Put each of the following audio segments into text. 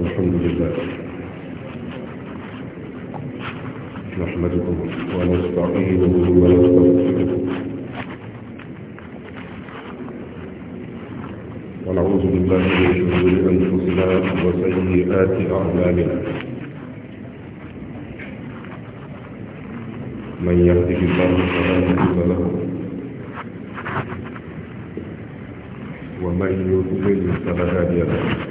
الحمد لله نحمده ونستعينه ونستغفره ونعوذ بالله من شرور انفسنا وسيئات اعمالنا من يهده الله فلا مضل له ومن يضلل فلا هادي له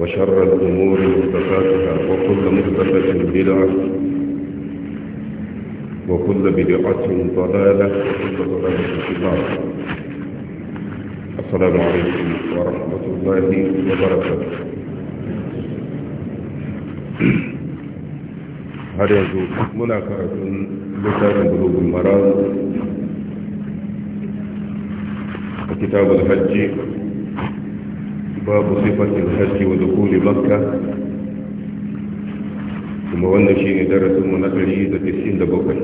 وشر الأمور مهدفاتها وكل مهدفة بدعة وكل بدعة ضلالة وكل ضلالة في النار السلام عليكم ورحمة الله وبركاته هل yanzu مناكرة karatun littafin المرض marar a babu sifatin hajji wa dukuli makka kuma wannan shi ne darasin darasinmu na 97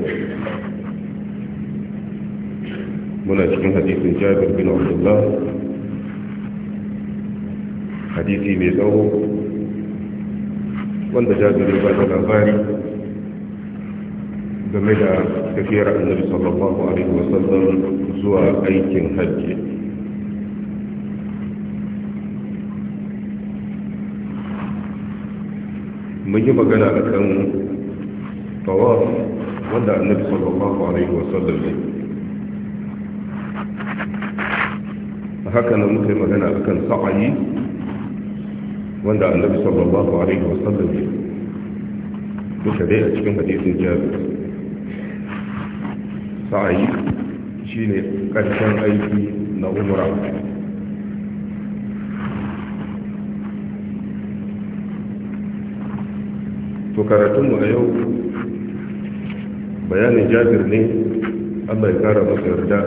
muna cikin hadisin jabir bin abdullah hadisi mai tsawo wanda jabir ba da labari game da tafiyar annabi sallallahu alaihi wasallam zuwa aikin hajji mun yi magana a kan tawaf wanda annabi sallallahu alaihi wasallam ne haka nan muka yi magana a kan sa'ayi wanda annabi sallallahu alaihi wasallam ne duka dai a cikin hadisin jabir sa'ayi shine karshen aiki na umra to karatunmu a yau bayanin jabir ne allah ya kara masa yarda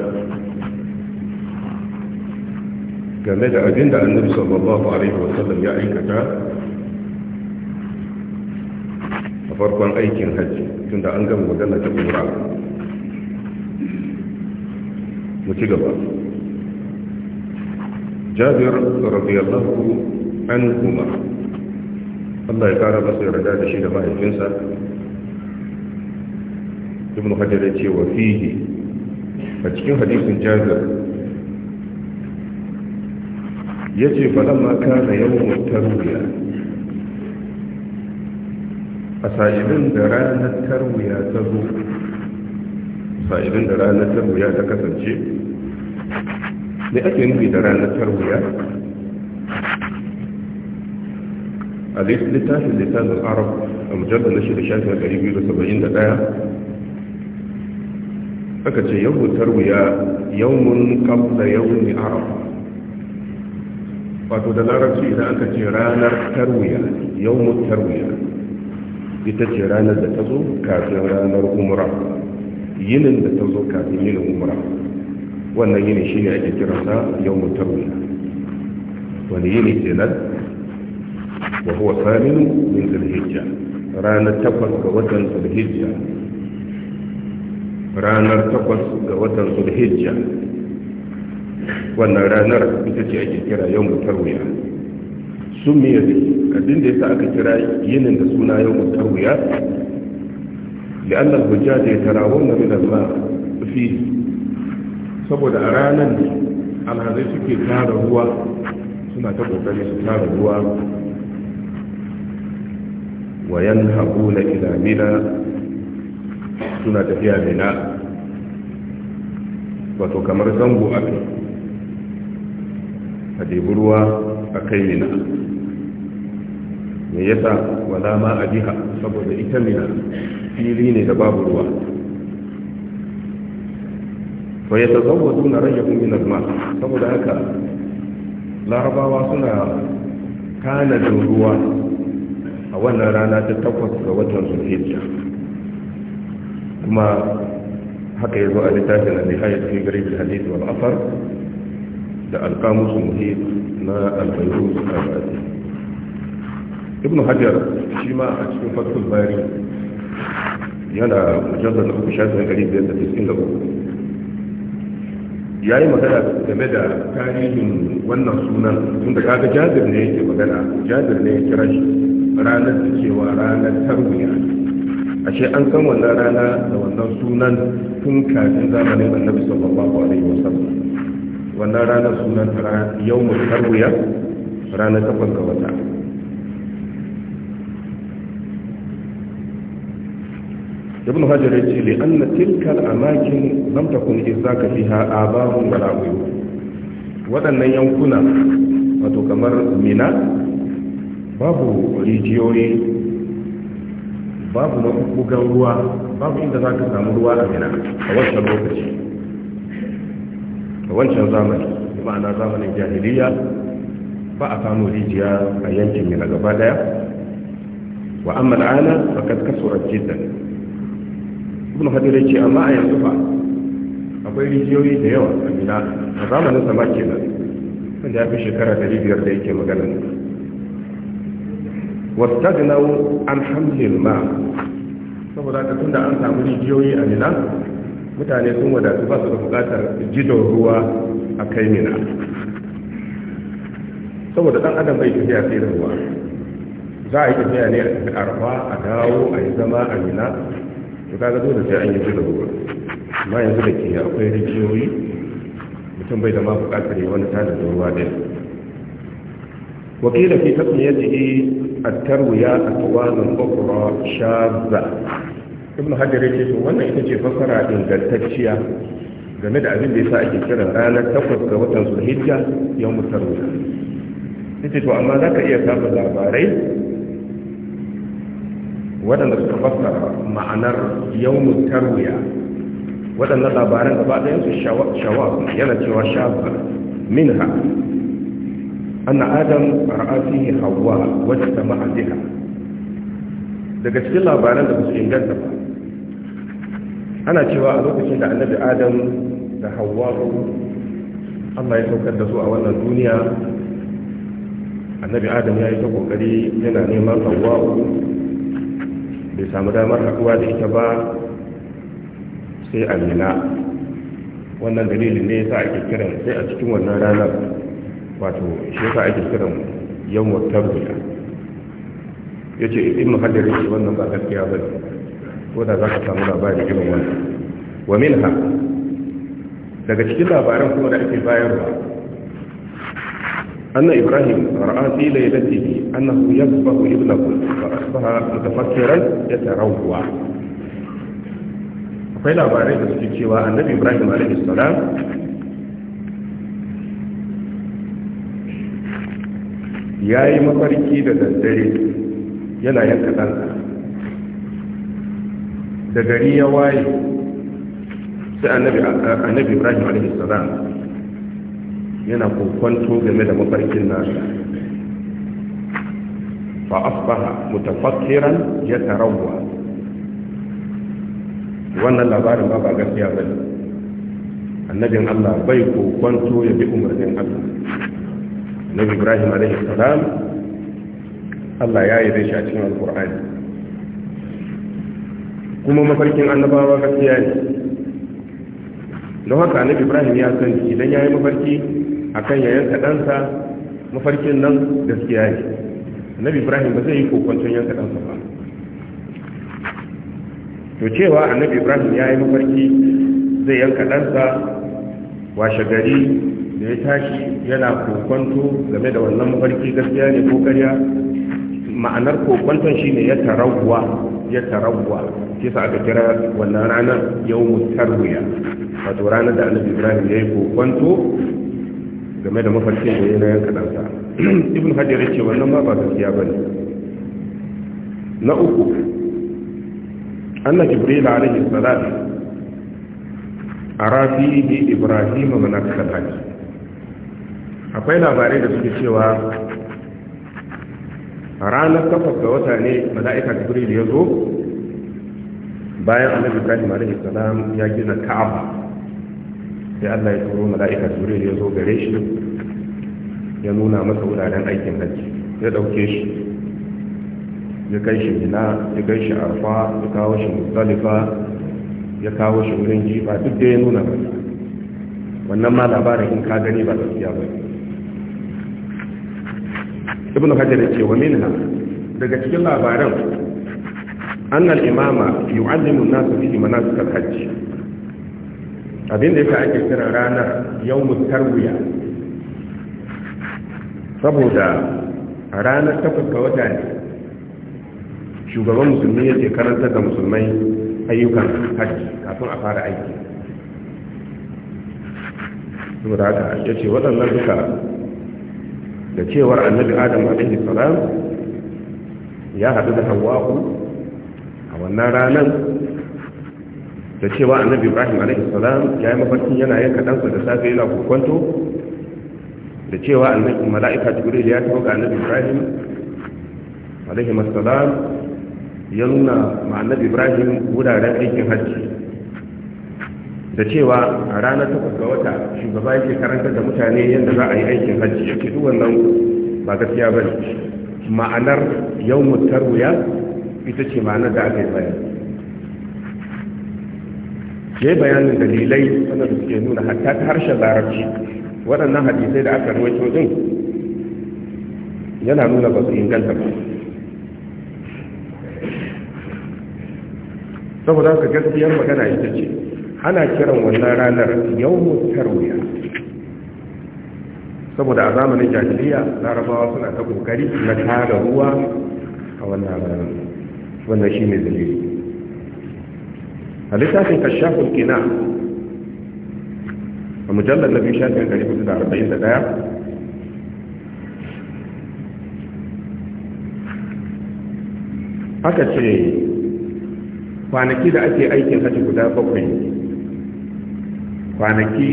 game da abin da annabi sallallahu alaihi wasallam ya aikata a farkon aikin hajji tun da an gama magana ta umra mu ci gaba jabir radiyallahu anhu Allah ya kara masa yarda da shi da mahaifinsa ibn hajar ya ce wa fihi a cikin hadisin jazar ya ce faɗan ma kana yawan tarwiya a sa'ilin da ranar tarwiya ta zo sa'ilin da ranar tarwiya ta kasance ne ake nufi da ranar tarwiya حديث لتاهي لسان العرب المجلد النشر لشاهد الغريب يولى سبعين دقايا فكتش يوم التروية يوم قبل يوم العرب فاتود العرب شيء إذا أنت جيران التروية يوم التروية إذا جيران التزو كاتن ران الأمرا ينن التزو كاتن من الأمرا وأن ينشيني أجي يوم التروية وأن ينشيني wa huwa saminu min zulhijja ranar takwas ga watan zulhijja ranar takwas ga watan zulhijja wannan ranar ita ce ake kira yau mutarwiya sun miya ne abin da aka kira yinin da suna yau mutarwiya لأن الحجاج يتراون من الماء فيه saboda a ranar alhazai suke tara ruwa suna ta kokari su tara ruwa wa yanhabuna na ilamina suna tafiya mina wato kamar zango a kai a debi ruwa a kai mina me yasa wala ma a jiha saboda ita mina fili ne da babu ruwa fa ya zango suna rage min ma saboda haka larabawa suna tanadin ruwa a wannan rana ta takwas ga watan zuhijja kuma haka yazo a littafin al-nihayat fi gari da hadith wal athar da al-qamus muhit na al-bayruz al-abadi ibn hajar shi ma a cikin fatul bari yana mujallar da uku shafin gari biyar da tisin da uku ya yi magana game da tarihin wannan sunan tun da kaga jabir ne yake magana jabir ne ya kira shi ranar da cewa ranar tarwiya ashe an san wannan rana da wannan sunan tun kafin zamanin annabi sallallahu alaihi wasallam wannan ranar sunan yau mu tarwiya ranar ta ga wata ibn hajar ya ce li'anna tilkal amakin lam takun izaka fiha abahu wala uyub waɗannan yankuna wato kamar mina babu rijiyoyi babu mabugan ruwa babu inda za ka samu ruwa a mina a wancan lokaci a wancan zamani ma'ana zamanin jahiliya ba a samu rijiya a yankin mina gaba daya wa amma a fakat a jidda ibn hadir ce amma a yanzu ba akwai rijiyoyi da yawa a mina a zamanin sama kenan wanda ya fi shekara 500 da yake magana wastagnau an hamlil ma saboda ka tunda an samu rijiyoyi a mina mutane sun wadatu ba su da bukatar jidon ruwa a kai mina saboda dan adam bai tafiya sai da ruwa za a yi tafiya ne a tafi arfa a dawo a yi zama a Minna to kaga dole sai an yi jidon ruwa amma yanzu da ke akwai rijiyoyi mutum bai da ma bukatar yi wani tada ruwa ɗaya wakila fi tasmiyatihi a أقوال أخرى shaza. ibn ya ce to wannan ita ce fasara ingantacciya game da abin da sa ake kira ranar takwas ga watan zulhijja yau mutarwa ce to amma zaka iya samun labarai waɗanda suka ma'anar yau mutarwa waɗannan labaran gaba ɗayan su shawa yana cewa shafa minha anna adam ra'afihi hawa wacce ta ma'aziha daga cikin labaran da su inganta ba ana cewa a lokacin da annabi adam da hawa Allah ya saukar da su a wannan duniya annabi adam ya yi ta kokari yana neman hawa bai samu damar haɗuwa da ita ba sai amina wannan dalilin ne ya sa ake kiran sai a cikin wannan ranar wato shi yasa ake kiran yawon tarbiya ya ce ibn hajar ya ce wannan ba gaskiya ba ne ko da za ka samu labarin irin wannan wa minha daga cikin labaran kuma da ake bayarwa أن إبراهيم رأى في ليلته أنه يذبح ابنه فأصبح متفكرا يتروع akwai labarai da suke cewa annabi ibrahim alaihi salam ya yi mafarki da daddare yana yanka ɗansa da gari ya waye sai annabi ibrahim alaihissalam yana kokwanto game da mafarkin nasa fa asbaha mutafakkiran ya tarawwa wannan labarin ba ba gaskiya bane annabin Allah bai kokwanto ya bi umarnin Allah nabi ibrahim alaihi salam Allah ya yi shi a cikin alkur'ani kuma mafarkin annabawa gaskiya ne don haka nabi ibrahim ya san idan ya yi mafarki akan yayan kaɗansa mafarkin nan gaskiya ne nabi ibrahim ba zai yi kokoncin yanka ɗansa ba to cewa annabi ibrahim ya yi mafarki zai yanka ɗansa washe gari da ya tashi yana kokonto game da wannan mafarki gaskiya ne ko karya ma'anar kokonton ne ya tarawwa ya tarawwa ke sa aka kira wannan ranar yau mutarwuya wato ranar da annabi ibrahim ya yi kokonto game da mafarkin da ya na yanka ɗansa ibn hajar ce wannan ba gaskiya ba ne na uku anna jibril alaihi salam rafi ibrahim min aksal akwai labarai da suke cewa ranar kafa ga wata ne mala'ika jibril ya zo bayan annabi ibrahim alaihi salam ya gina ka'aba sai Allah ya turo mala'ika jibril ya zo gare shi ya nuna masa wuraren aikin hajji ya dauke shi ya kai shi mina ya kai shi arfa ya kawo shi mustalifa ya kawo shi wurin jifa duk da ya nuna masa wannan ma labarin in ka gani ba gaskiya ba ibn hajar ce wa minha daga cikin labaran annal imama yu'allimu nasu fi manasik al-hajj abin yake ake kira ranar yawmut tarwiya saboda ranar takwas ga wata ne shugaban musulmi yake karanta da musulmai ayyukan hajji kafin a fara aiki saboda haka ya ce waɗannan duka da cewar annabi adam alaihi salam ya haɗu da hawa'u a wannan ranar da cewa annabi ibrahim alaihi salam ya yi mafarkin yana yanka ɗansa da safe yana kukwanto da cewa annabi mala'ika jibril ya taɓa ga annabi ibrahim alaihi salam ya nuna ma annabi ibrahim wuraren aikin hajji da cewa a ranar takwas ga wata shugaba yake karantar da mutane yadda za a yi aikin hajji yake duk wannan ba gaskiya ba ne ma'anar yau mutar wuya ita ce ma'anar da aka yi bayan ya yi bayanin dalilai wanda suke nuna hatta ta harshen larabci waɗannan hadisai da aka ruwaito din yana nuna ba su inganta ba saboda haka gaskiyar magana ita ce ana kiran wannan ranar yawon tarwiya saboda a zamanin jahiliya larabawa suna ta kokari na tara ruwa a wannan ranar wannan shi ne dalili a littafin kashafin kina a mujallar na biyu shafin 441 aka ce kwanaki da ake aikin hajji guda bakwai kwanaki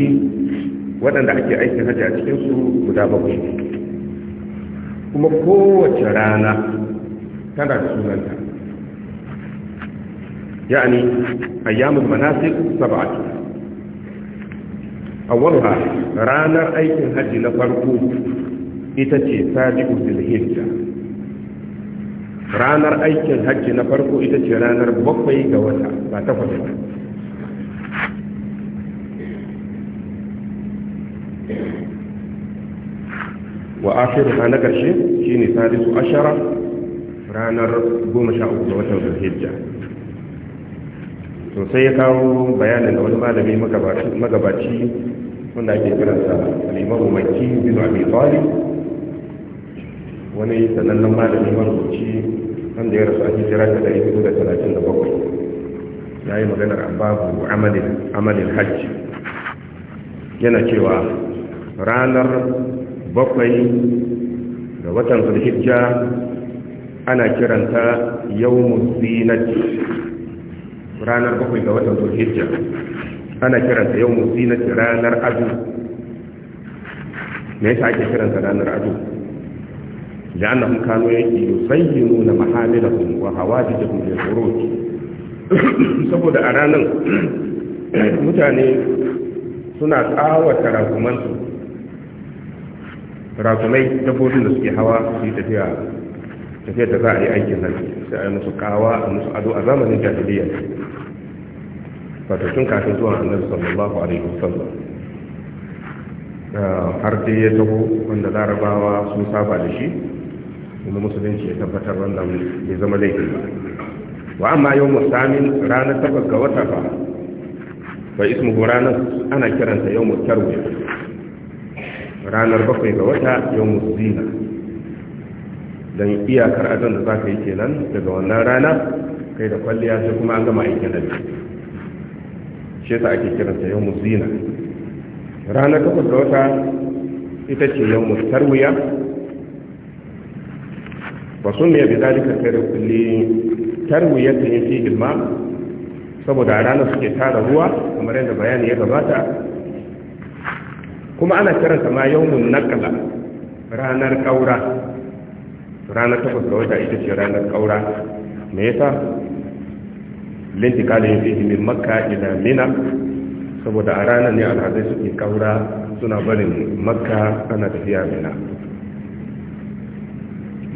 waɗanda ake aikin hajji a cikinsu guda bakwai kuma kowace rana tana da sunanta ya'ani ayyamin manasik saba'atu awwalha ranar aikin hajji na farko ita ce sadiqu zulhijja ranar aikin hajji na farko ita ce ranar bakwai ga wata ba takwas ba wa akhiru ha na ƙarshe karshe shine sadisu ashara ranar goma sha uku da watan zulhijja to sai ya kawo bayanin da wani malami magabaci wanda ake kiransa al-imamu makki bin abi talib wani sanannen malami marubuci wanda ya rasu a hijira ta ɗari hudu da talatin da bakwai ya yi maganar babu amalin hajji yana cewa ranar bakwai da watan zulhijja ana kiranta yawmu zinati ranar bakwai da watan zulhijja ana kiranta yawmu zinati ranar azu me yasa ake kiranta ranar azu da kano annahum kanu yusayyinuna mahamilahum wa hawajijahum lil khuruj saboda a ranar mutane suna tsawata rakumansu rakumai dabbobin da suke hawa su yi tafiya tafiya da za a yi aikin nan sai a yi musu kawa a musu ado a zamanin jahiliya fatattun kafin zuwa annabi sallallahu alaihi wasallam ah, har dai ya taho wanda larabawa sun saba da shi kuma musulunci ya tabbatar wanda bai zama laifi ba wa amma yau musamin ranar takwas ga wata ba fa ismu ranar ana kiranta yau kyarwe ranar bakwai ga wata yau musulina don iyakar azan da za ka yi kenan daga wannan rana kai da kwalliya sai kuma an gama aikin hajji shi yasa ake kiranta yau musulina ranar takwas ga wata ita ce yau mustarwiya ba sun mai bi zalika kai da kulli tarwiyar ta yin fi saboda a ranar suke tara ruwa kamar yadda bayani ya gabata kuma ana kiransa ma yawmun nakala ranar kaura ranar takwas ga wata ita ce ranar kaura me yasa lintikala ya fi min makka ila mina saboda a ranar ne alhazai suke kaura suna barin makka ana tafiya mina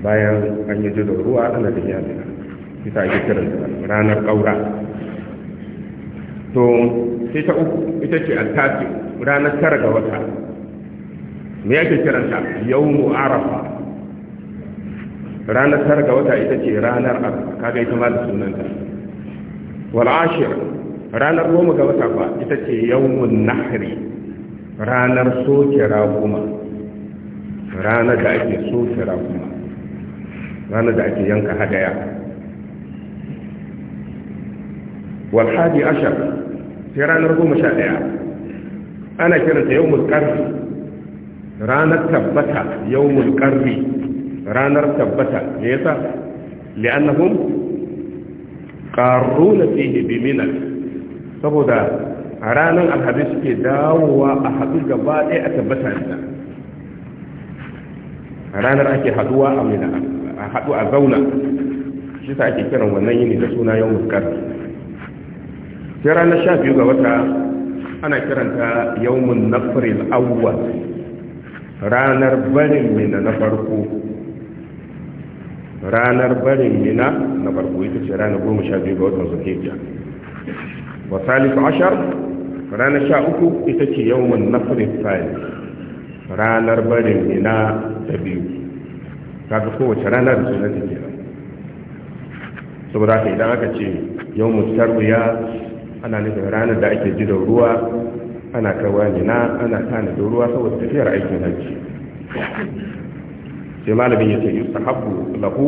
bayan an yi jidon ruwa ana tafiya mina ita ake kiransa ranar kaura to sai ta uku ita ce alkafi ranar tara ga wata me yake kiranta yawmu arafa ranar tara ga wata ita ce ranar arafa kaga ita ma da sunanta wal ashir ranar goma ga wata fa ita ce yawmun nahri ranar soke raguma ranar da ake soke raguma ranar da ake yanka hadaya walhadi ashar sai ranar goma sha daya. ana kiranta yau mulkarri ranar tabbata yau mulkarri ranar tabbata ne yasa li'annahum qarruna fihi bi saboda a ranar alhabi suke dawowa a haɗu gaba ɗaya a tabbata da ranar ake haɗuwa a a haɗu a zauna shi sa ake kiran wannan yini da suna yau mulkarri sai ranar sha biyu ga wata ana kiranta na nafirin awwal ranar barin mina na farko ranar barin mina na farko ita ce ranar goma sha biyu ga watan zulhijja wa salisu ashar ranar sha uku ita ce na nafirin salis ranar barin mina ta biyu kaga kowace ranar da sunanta jikin saboda haka idan aka ce yawmun tarbiya ana nufin ranar da ake ji da ruwa ana kawo nina ana tana da ruwa saboda tafiyar aikin hajji sai malamin ya ce haku lahu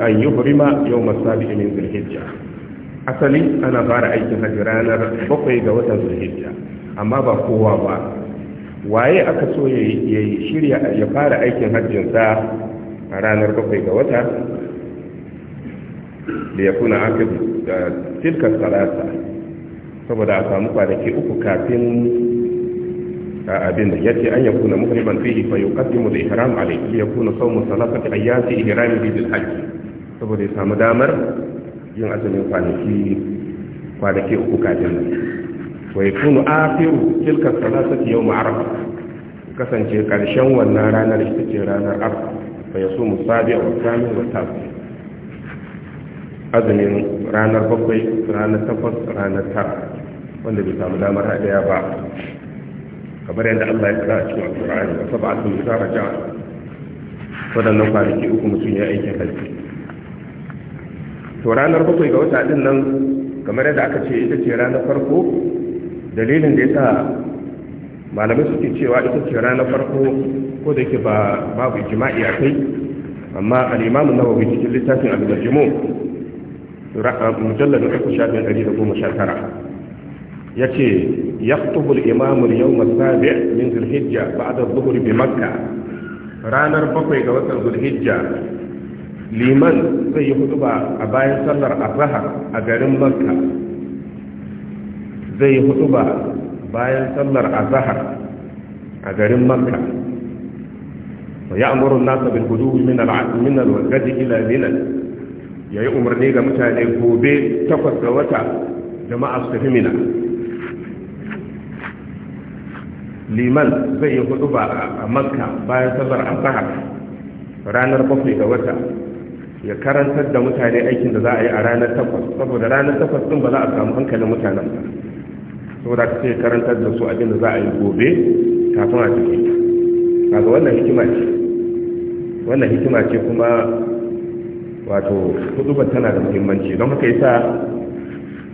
an yuhrima yawm as-sabi'i min zulhijja asali ana fara aikin hajji ranar bakwai ga watan zulhijja amma ba kowa ba waye aka so ya shirya ya fara aikin hajjinsa a ranar bakwai ga wata liyakuna ya kuna da tilka salasa saboda a samu kwanaki uku kafin a abin da ya ce an yakuna muhimman fihi fa yuqaddimu da ihram alayhi li yakuna sawmu salasati ayyati ihram bi bil hajj saboda ya samu damar yin azumin kwanaki kwanaki uku kafin nan wa yakunu akhiru tilka salasati yawm arafa kasance karshen wannan ranar ita ce ranar arfa fa yasumu sabi'a wa samin wa tabi azumin ranar bakwai ranar takwas ranar tara wanda bai samu damar haɗaya ba kamar yadda Allah ya kira a cikin alƙur'ani wa sab'atun ja waɗannan kwanaki uku mutum ya aikin hajji to ranar bakwai ga wata ɗin nan kamar yadda aka ce ita ce ranar farko dalilin da ya sa malamai suke cewa ita ce ranar farko ko da yake ba babu jima'i a kai amma al nawa nawawi cikin littafin al jimo mujallar na uku shafin ya ce ya tuhu imamu yau masabi min zulhijja ba da zuhur bi makka ranar bakwai ga watan zulhijja liman zai yi hutuba a bayan sallar azahar a garin makka zai yi bayan sallar azahar a ya amuru gadi ila ya yi umarni ga mutane gobe takwas ga wata jama'a su tafi mina liman zai yi hudu ba a makka bayan a asahar ranar bakwai ga wata ya karantar da mutane aikin da za a yi a ranar takwas saboda ranar takwas din ba za a samu hankalin mutanen ba saboda ka sai karantar da su abin da za a yi gobe kafin a tafi ga wannan hikima ce wannan hikima ce kuma wato hudubar tana da muhimmanci don haka yasa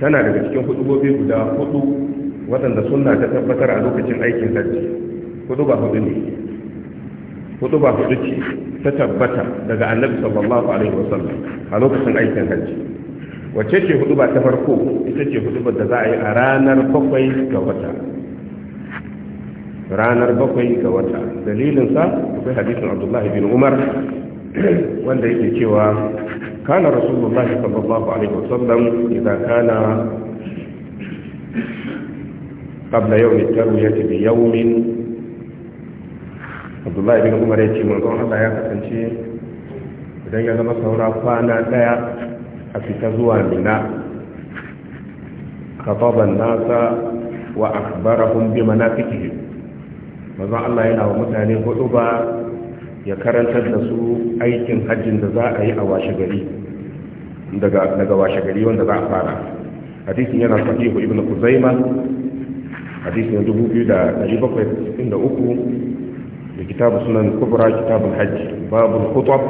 tana daga cikin hudubobi guda hudu waɗanda suna ta tabbatar a lokacin aikin hajji hudubar hudu ne hudubar hudu ce ta tabbata daga annabi sallallahu alaihi wasallam a lokacin aikin hajji wacce ce hudubar ta farko ita ce hudubar da za a yi a ranar bakwai ga wata ranar bakwai ga wata dalilinsa akwai hadisin abdullahi bin umar wanda yake cewa kana rasulullah sallallahu alaihi wasallam idza kana qabla yawm at-tarwiyah bi yawm Abdullahi bin Umar ya ce manzon Allah ya kasance idan ya zama saura kwana daya a fita zuwa Mina khataban nasa wa akhbarahum bi manafiqihim manzon Allah yana wa mutane hudu ba ya karantar da su aikin hajjin da za a yi a washe gari daga washe gari wanda za a fara hadisin yana sahihu ibnu ibn kuzaima dubu biyu da bakwai da da da uku kitabu sunan kubra kitabun hajji babu kutub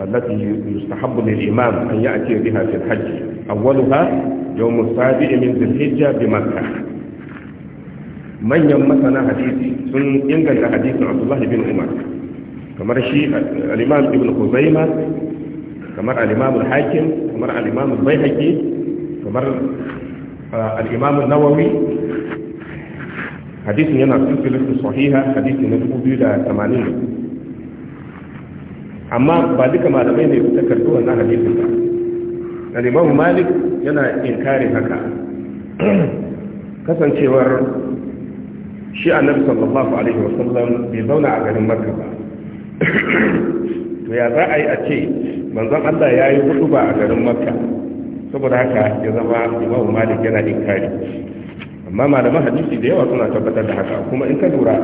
allati yustahabbu lil imam an ya'ti biha fi hajj awwaluha yawm sabi min dhil hijja bi makkah manyan masana hadisi sun inganta hadisin abdullah bin umar kamar shi al-imam ibn khuzaima kamar al-imam al-hakim kamar al-imam al-baihaqi kamar uh, al-imam an-nawawi hadisin yana silsilatu sahiha hadisi na 2080 amma ba duka malamai ne suka karbi wannan hadisin ba al-imam malik yana inkari haka kasancewar shi annabi sallallahu alaihi wasallam bai zauna a garin makka ba to ya za a yi a ce manzon Allah ya yi hudu ba a garin makka saboda haka ya zama imamu malik yana inkari amma malaman hadisi da yawa suna tabbatar da haka kuma in ka lura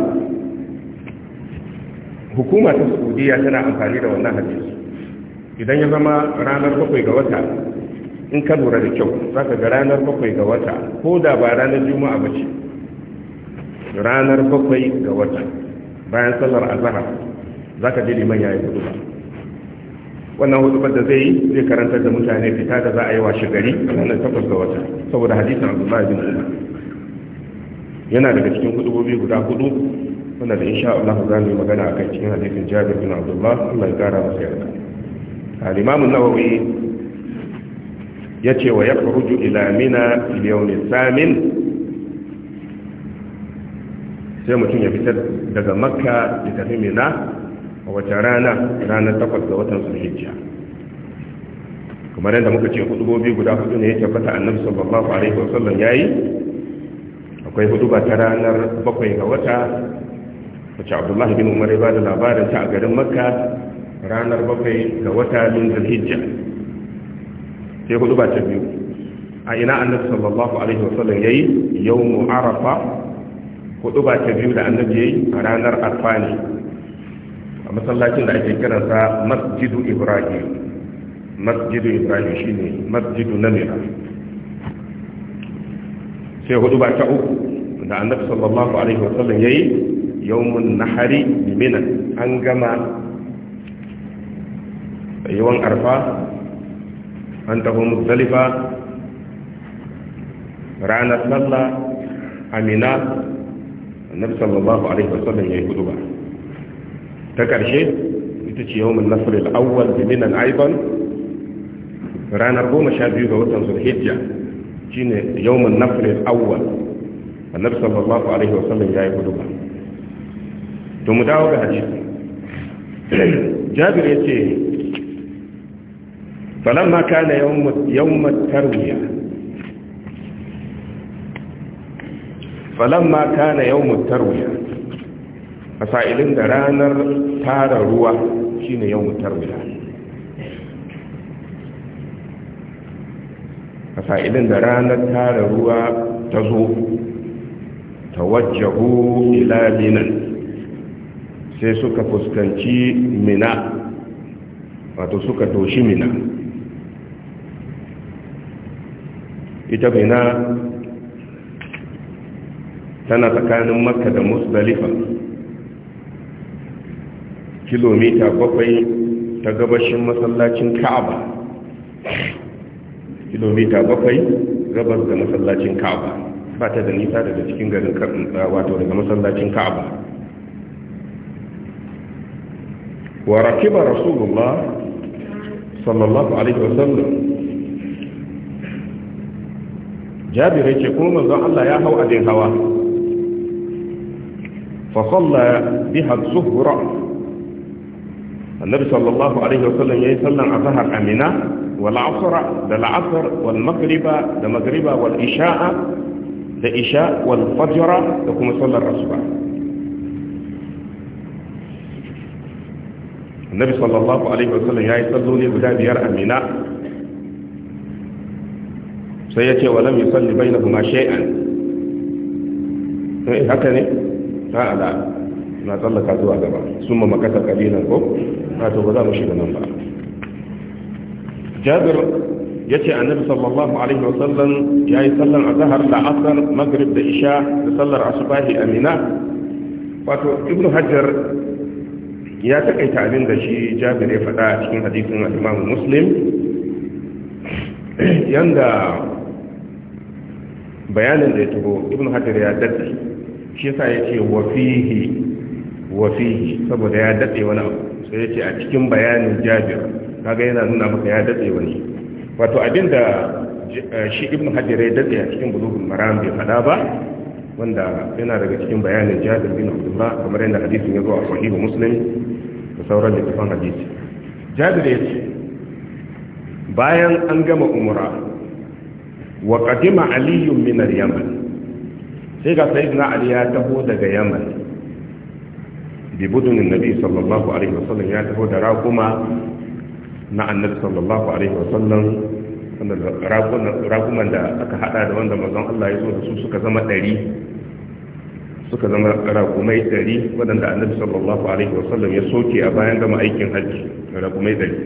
hukuma ta saudiya tana amfani da wannan hadisi idan ya zama ranar bakwai ga wata in ka lura da kyau za ka ga ranar bakwai ga wata ko da ba ranar juma'a ba ce ranar bakwai ga wata bayan sallar azahar za ka je manya ya yi hudu ba wannan hudu da zai yi zai karantar da mutane fita da za a yi washe gari ranar takwas ga wata saboda na abdullahi bin umar yana daga cikin hudubobi guda hudu wanda da insha Allah za mu yi magana a kai cikin hadisin jabir bin abdullah Allah ya gara masa yarda al-imam an-nawawi yace wa yakhruju ila mina fil yawm samin sai mutum ya fitar daga makka da tafi mina a wace rana ranar takwas ga watan zulhijja kamar yadda muka ce hudubobi guda hudu ne ya tabbata annabi sallallahu alaihi wasallam yayi akwai ba ta ranar bakwai ga wata wacce abdullahi bin umar ya bada labarin ta a garin makka ranar bakwai ga wata min zulhijja sai ba ta biyu a ina annabi sallallahu alaihi wasallam yayi yawmu arafa ba ta biyu da annabi yayi a ranar arfa ne a masallacin da ake kiransa masjidu ibrahim masjidu ibrahim shine masjidu namira sai hudu ba ta uku da annabi sallallahu alaihi sallam yayi yawmun nahari minan an gama yawan arfa an taho muzdalifa ranar sallah amina annabi sallallahu alaihi sallam yayi hudu ba ta ƙarshe ita ce yawon nasiril awwal da minan aiban ranar goma sha biyu ga watan zulhijja shi ne yawon nasiril awwal annabi sallallahu alaihi wasallam ya yi gudu ba to mu dawo ga hadisi jabir ya ce falamma kana yawon tarwiya فلما كان يوم التروية a da ranar tara ruwa shine yawon tarwiya a sa'ilin da ranar tara ruwa ta zo ta wajja ila minan sai suka fuskanci mina wato suka doshi mina ita mina tana tsakanin makka da musdalifa kilomita bakwai ta gabashin masallacin ka'aba kilomita bakwai gabas da masallacin ka'aba ba ta da nisa daga cikin garin eh, wato daga masallacin ka'aba wa rakiba rasulullah sallallahu alaihi wasallam jabirai ce kuma manzon Allah ya hau abin hawa fa kalla biha az-zuhra النبي صلى الله عليه وسلم يسلم ظهر أمنا والعصر ده العصر والمغرب ده مغرب والإشاء ده إشاء والفجر ده كما صلى الرسول النبي صلى الله عليه وسلم يسلم بدا بيار أمنا سيأتي ولم يصلي بينهما شيئا إيه، هكذا لا لا na tsallaka zuwa gaba sun ma makasar kalilan ko na to ba za mu shiga nan ba jabir ya ce annabi sallallahu alaihi wa sallam ya yi sallan azhar da asar maghrib da isha da sallar asubahi amina wato ibn hajjar ya takaita abin da shi jabir ya faɗa a cikin hadisin imamu muslim yanda bayanin da ya tuho ibn hajjar ya daddi shi yasa ya ce wa fihi wa saboda ya datse wani abu sai ce a cikin bayanin Jabir kaga yana nuna maka ya datse wani wato abinda eh, shi Ibn Hajar ya datse a cikin bulugul maram bai faɗa ba wanda yana daga cikin bayanin Jabir bin Abdullah kamar yadda hadisin ya zo a Sahih Muslim da sauran littafan hadisi Jabir ya ce bayan an gama umra wa qadima Ali min al-Yaman sai ga sayyidina Ali ya taho daga Yaman bi budunin nabi sallallahu alaihi wasallam ya taho da raguma na annabi sallallahu alaihi wasallam raguman da aka hada da wanda mazan Allah ya zo da su suka zama ɗari suka zama ragumai ɗari waɗanda annabi sallallahu alaihi wasallam ya soke a bayan gama aikin hajji ragumai ɗari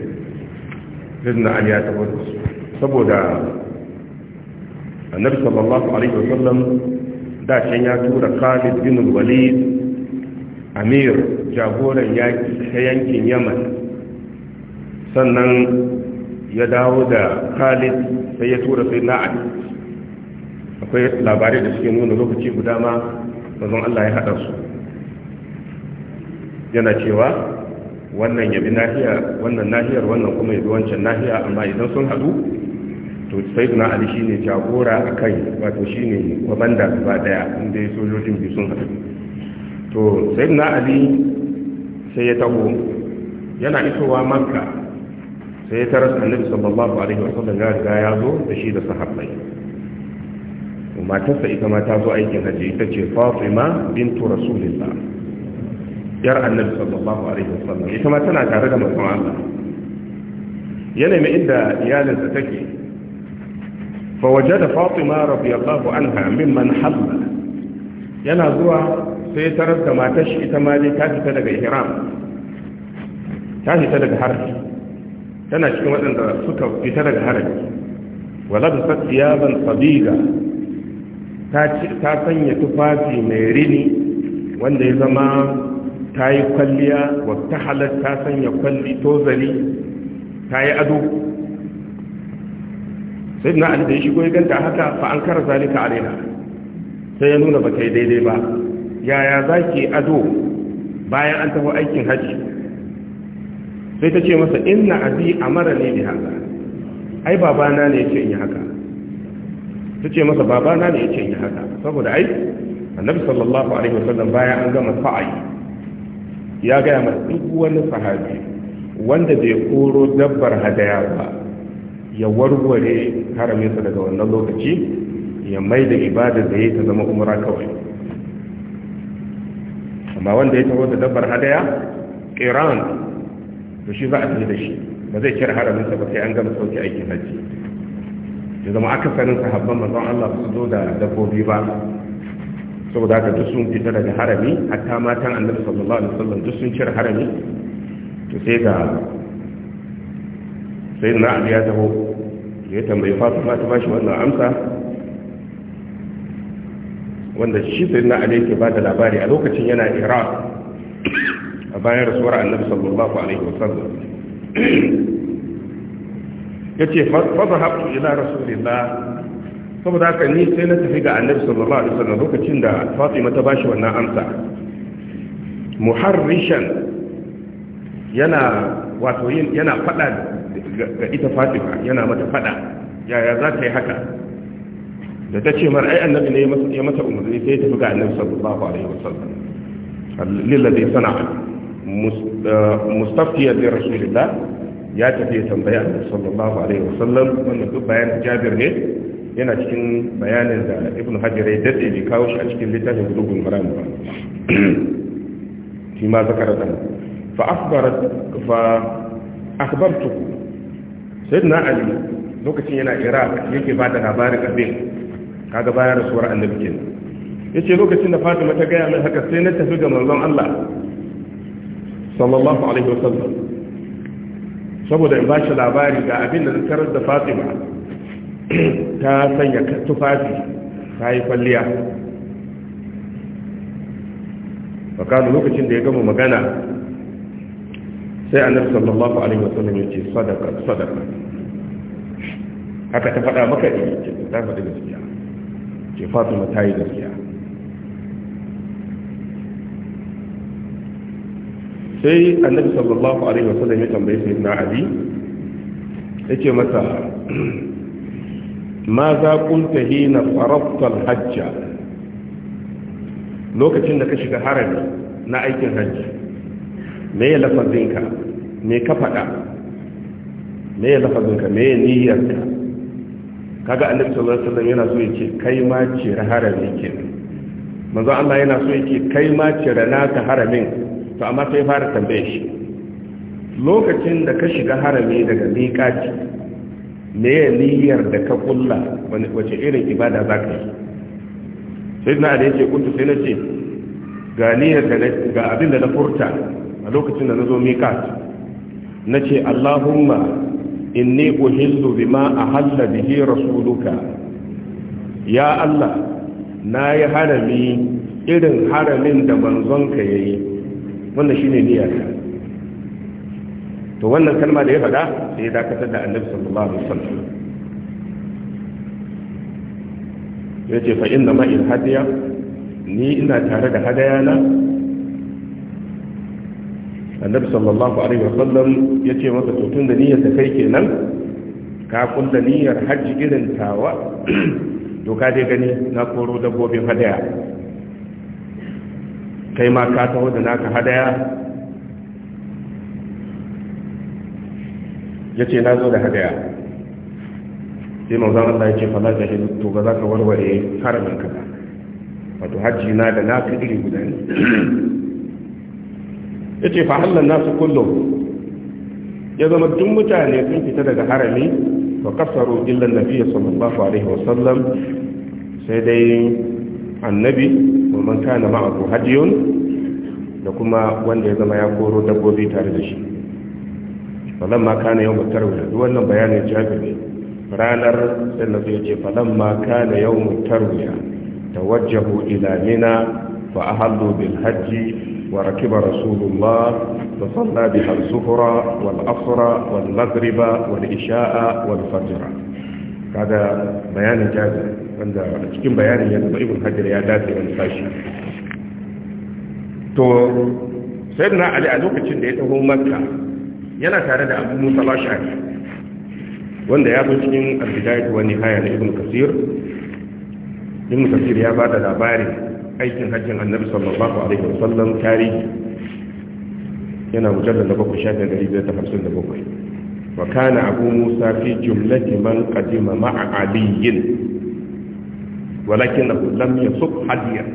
rizna ali ya taho da su saboda annabi sallallahu alaihi wasallam da can ya tura khalid bin walid amir jagoran yaƙi ta yankin yaman sannan ya dawo da khalid sai ya tura sai na'ad akwai labarai da suke nuna lokaci guda ma mazan allah ya haɗa su yana cewa wannan yabi nahiya wannan nahiyar wannan kuma yabi wancan nahiya amma idan sun haɗu to sai na ali shine jagora a kai wato shine kwamanda gaba daya inda sojojin biyu sun haɗu to sai na ali sai ya taho yana isowa makka sai ya taras annabi sallallahu alaihi wasallam ya riga ya zo da shi da sahabbai matarsa ita ma ta zo aikin hajji ita ce fatima bintu rasulillah yar annabi sallallahu alaihi wasallam ita ma tana tare da manzon Allah yana mai inda iyalinsa take fa wajada fatima radiyallahu anha mimman halla yana zuwa sai tarar da matar shi ita ma dai ta fita daga ihram ta fita daga haraji tana cikin waɗanda suka fita daga haraji wala da sa tsiyaban sabiga ta sanya tufafi mai rini wanda ya zama ta yi kwalliya wata halar ta sanya kwalli tozali ta yi ado sai na da shigo ya ganta haka fa an kara zalika a sai ya nuna ba ta yi daidai ba yaya za ki ado bayan an tafi aikin haji sai ta ce masa inna abi amara ne da haka ai babana ne ya ce in yi haka ta ce masa babana ne ya ce in yi haka saboda ai annabi sallallahu alaihi wasallam bayan an gama sa'ayi ya gaya ma duk wani sahabi wanda bai koro dabbar hadaya ba ya warware sa daga wannan lokaci ya mai da ibadar da ya ta zama umra kawai amma wanda ya taho da dabbar hadaya qiran to shi za a tafi da shi ba zai cire haramin ba sai an gama sauki aikin haji ya zama akasarin sahabban manzon Allah su zo da dabbobi ba saboda haka duk sun fita daga harami hatta matan annabi sallallahu alaihi wasallam duk sun cire harami to sai ga sai na ya taho ya tambayi fatima ta bashi wannan amsa wanda shi sai na ali ke bada labari a lokacin yana iraq a bayan rasuwar annabi sallallahu alaihi wasallam yace fa zahabtu ila rasulillah saboda haka ni sai na tafi ga annabi sallallahu alaihi wasallam lokacin da fatima ta bashi wannan amsa muharrishan yana wato yana fada ga ita fatima yana mata fada yaya za ta yi haka da ta ce mar ai annabi ne ya masa umarni sai ya tafi ga annabi sallallahu alaihi wasallam lillazi sana'a eh, mustaftiya da rasulillah ya tafi ya tambaya annabi sallallahu alaihi wasallam wannan duk bayanin jabir ne yana cikin bayanin da ibnu hajar ya dade bi kawo shi a cikin littafin gudun maram ba shi ma zakarata fa akhbarat fa akhbartuhu sayyidina ali lokacin yana iraq yake ba da labarin abin kaga bayan rasuwar annabi ya ce lokacin da Fatima ta gaya min haka sai na tafi ga manzon Allah sallallahu alaihi sallam saboda in bashi labari ga abin da zakarar da Fatima ta sanya tufafi ta yi kwalliya fakanu lokacin da ya gama magana sai annabi sallallahu alaihi sallam ya ce sadaka sadaka haka ta faɗa maka ne eh, ta faɗi gaskiya ce fatima ta yi gaskiya sai annabi sallallahu alaihi wasallam ya tambaye sai na ali ya ce masa ma za kunta hina faraftal hajja lokacin da ka shiga harami na aikin hajji me ya lafazinka me ka faɗa me ya lafazinka me ya niyyarka kaga annabi sallallahu alaihi wasallam yana so yace kai ma ce haramin ke manzo Allah yana so yace kai ma ce rana ta haramin to amma sai fara tambaye shi lokacin da ka shiga harami daga miƙaci me ya niyyar da ka kulla wace irin ibada za ka yi sai na da yake kuntu sai na ce ga niyyar da ga abin da na furta a lokacin da na zo miƙaci na ce Allahumma inni uhillu bima ahalla bihi rasuluka ya Allah na yi harami irin haramin da manzonka ya yi wannan shine niyyarka to wannan kalma da ya faɗa sai ya dakatar da annabi sallallahu alaihi wasallam ya ce fa inna ma in hadiya ni ina tare da hadaya na annabi sallallahu alaihi wasallam ya ce masa to tun da niyyar kai kenan ka kulla niyyar hajji irin tawa to ka dai gani na koro dabbobin hadaya kai ma ka taho da naka hadaya ya ce na zo da hadaya sai manzan Allah ya ce fa za ka hidu to ba za ka warware haramin ka ba wato hajji na da naka iri guda ne ya ce fa hallan nasu kullum ya zama duk mutane sun fita daga harami wa kasaru illan nabi sallallahu alaihi wasallam sai dai annabi wa man kana ma'ahu hadiyun da kuma wanda ya zama ya koro dabbobi tare da shi falamma kana yawmut tarwiya duk wannan bayanin jabir ranar sai na zai ce falamma kana yawmut tarwiya tawajjahu ila mina fa ahallu bil hajji وركب رسول الله فصلى بها الظهر والعصر والمغرب والعشاء والفجر هذا بيان جاز عند cikin bayanin ya zama ibn hajar ya dace wani sashi to sayyidina ali a lokacin da ya taho makka yana tare da abu musa lashari wanda ya zo cikin al haya na ibn kasir ibn ya bada labari. aikin hajjin annabi sallallahu alaihi wasallam tarihi yana mujallar da bakwai shafin dari biyar da hamsin da bakwai wa kana abu musa fi jumlati man qadima ma'a aliyin walakinahu lam yasub hadiyan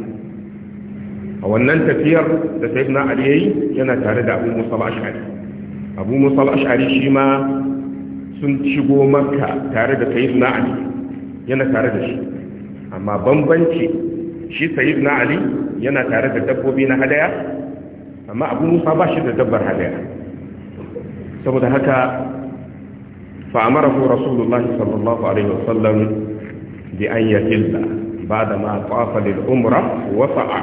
a wannan tafiyar da sayyidina ali yayi yana tare da abu musa al-ash'ari abu musa al-ash'ari shi ma sun shigo makka tare da sayyidina ali yana tare da shi amma bambanci shi sayid na ali yana tare da dabbobi na hadaya amma abu musa ba shi da dabbar hadaya saboda haka fa'amarahu rasulullah sallallahu alaihi wasallam bi an yahilla bada ma tafa da umra wa sa'a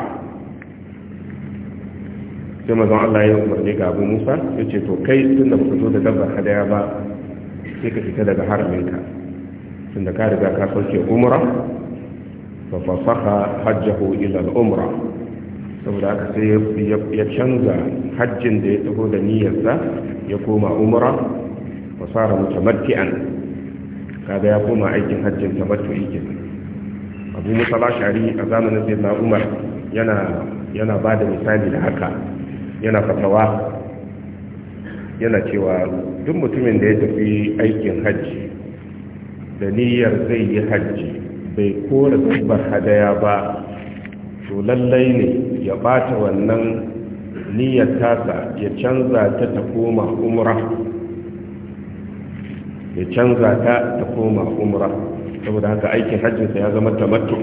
sai mazan Allah ya umarni ga abu musa ya ce to kai tun da baka da dabbar hadaya ba sai ka fita daga harbinka tun da ka riga ka sauke umra fa fasaha hajjahu ila umra saboda haka sai ya canza hajjin da ya taho da niyyarsa ya koma umra wa sara mutamatti'an kada ya koma aikin hajjin tamattu'i kenan abu musa bashari a zamanin sayyidina umar yana yana ba da misali da haka yana fatawa yana cewa duk mutumin da ya tafi aikin hajji da niyyar zai yi hajji bai kora tubar hadaya ba to lallai ne ya bata wannan niyyar tasa ya canza ta ta koma umra ya canza ta ta koma umra saboda haka aikin hajjinsa ya zama tamattu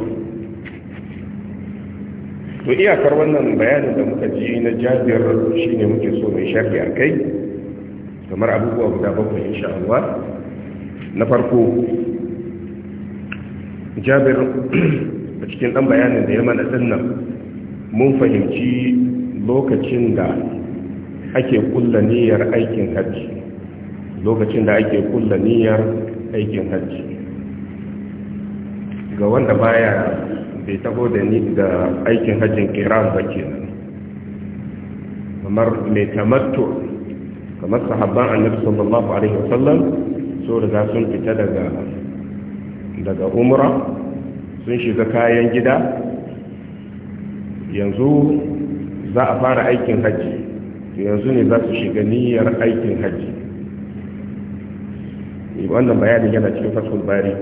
to iyakar wannan bayanin da muka ji na jabir shine muke so mai shafi a kai kamar abubuwa guda bakwai insha Allah na farko jabir a cikin dan bayanin da ya mana sannan mun fahimci lokacin da ake kulla niyyar aikin hajji lokacin da ake kulla niyyar aikin hajji ga wanda baya bai taho da ni da aikin hajjin kiran ba nan kamar mai tamattu kamar sahabban annabi sallallahu alaihi wasallam so za sun fita daga daga umra sun shiga kayan gida yanzu za a fara aikin hajji yanzu ne za su shiga niyyar aikin hajji eh, wannan bayanin yana cikin fasul bari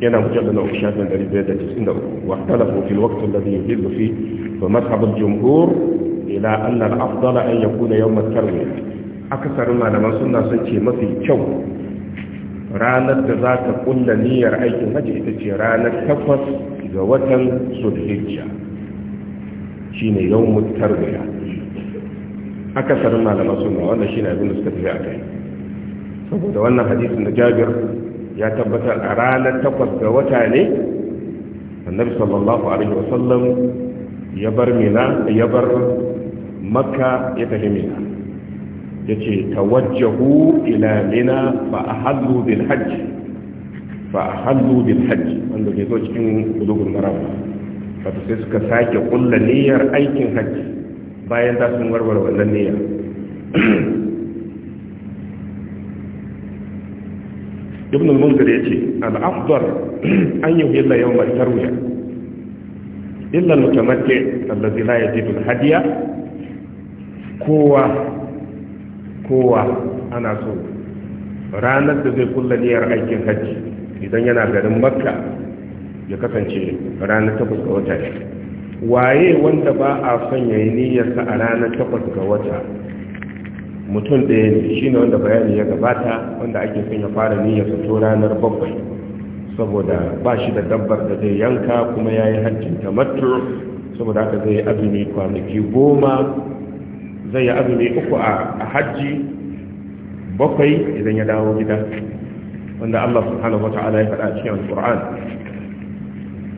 yana hujjar da nau'in shafin da wa talafu fil waqt alladhi yuhillu fi ba madhhab al-jumhur ila anna al-afdal an yakuna yawm at-tarwiyah akasarin malaman suna sun ce mafi kyau ranar da za ka kulla niyyar aikin hajji ita ce ranar takwas ga watan sulhijja shi ne yau mutar wuya akasarin malaman suna wanda shi ne abin da suka fiye a kai saboda wannan hadisin da jabir ya tabbatar a ranar takwas ga wata ne annabi sallallahu alaihi wasallam ya bar mina ya bar makka ya tafi mina yace tawajjahu ila mina fa ahallu bil hajj fa ahallu bil hajj wanda ke zo cikin gudugun maram wato sai suka sake kulla niyyar aikin hajj bayan da sun warware wannan niyyar ibn al-munzir yace al-afdal an yuhilla yawm al-tarwiya illa al-mutamatti alladhi la yajidu al-hadiya kowa kowa ana so ranar da zai kulla niyyar aikin hajji idan yana garin makka ya kasance ranar takwas ga wata waye wanda ba a son ya niyyarsa a ranar takwas ga wata mutum ɗaya ne shi ne wanda bayani ya gabata wanda ake son ya fara niyyarsa to ranar bakwai saboda ba shi da dabbar da zai yanka kuma ya yi hajjin tamattu saboda haka zai yi azumi kwanaki goma zai yi azumi uku a hajji bakwai idan ya dawo gida wanda Allah subhanahu wata'ala ya faɗa cikin alƙur'an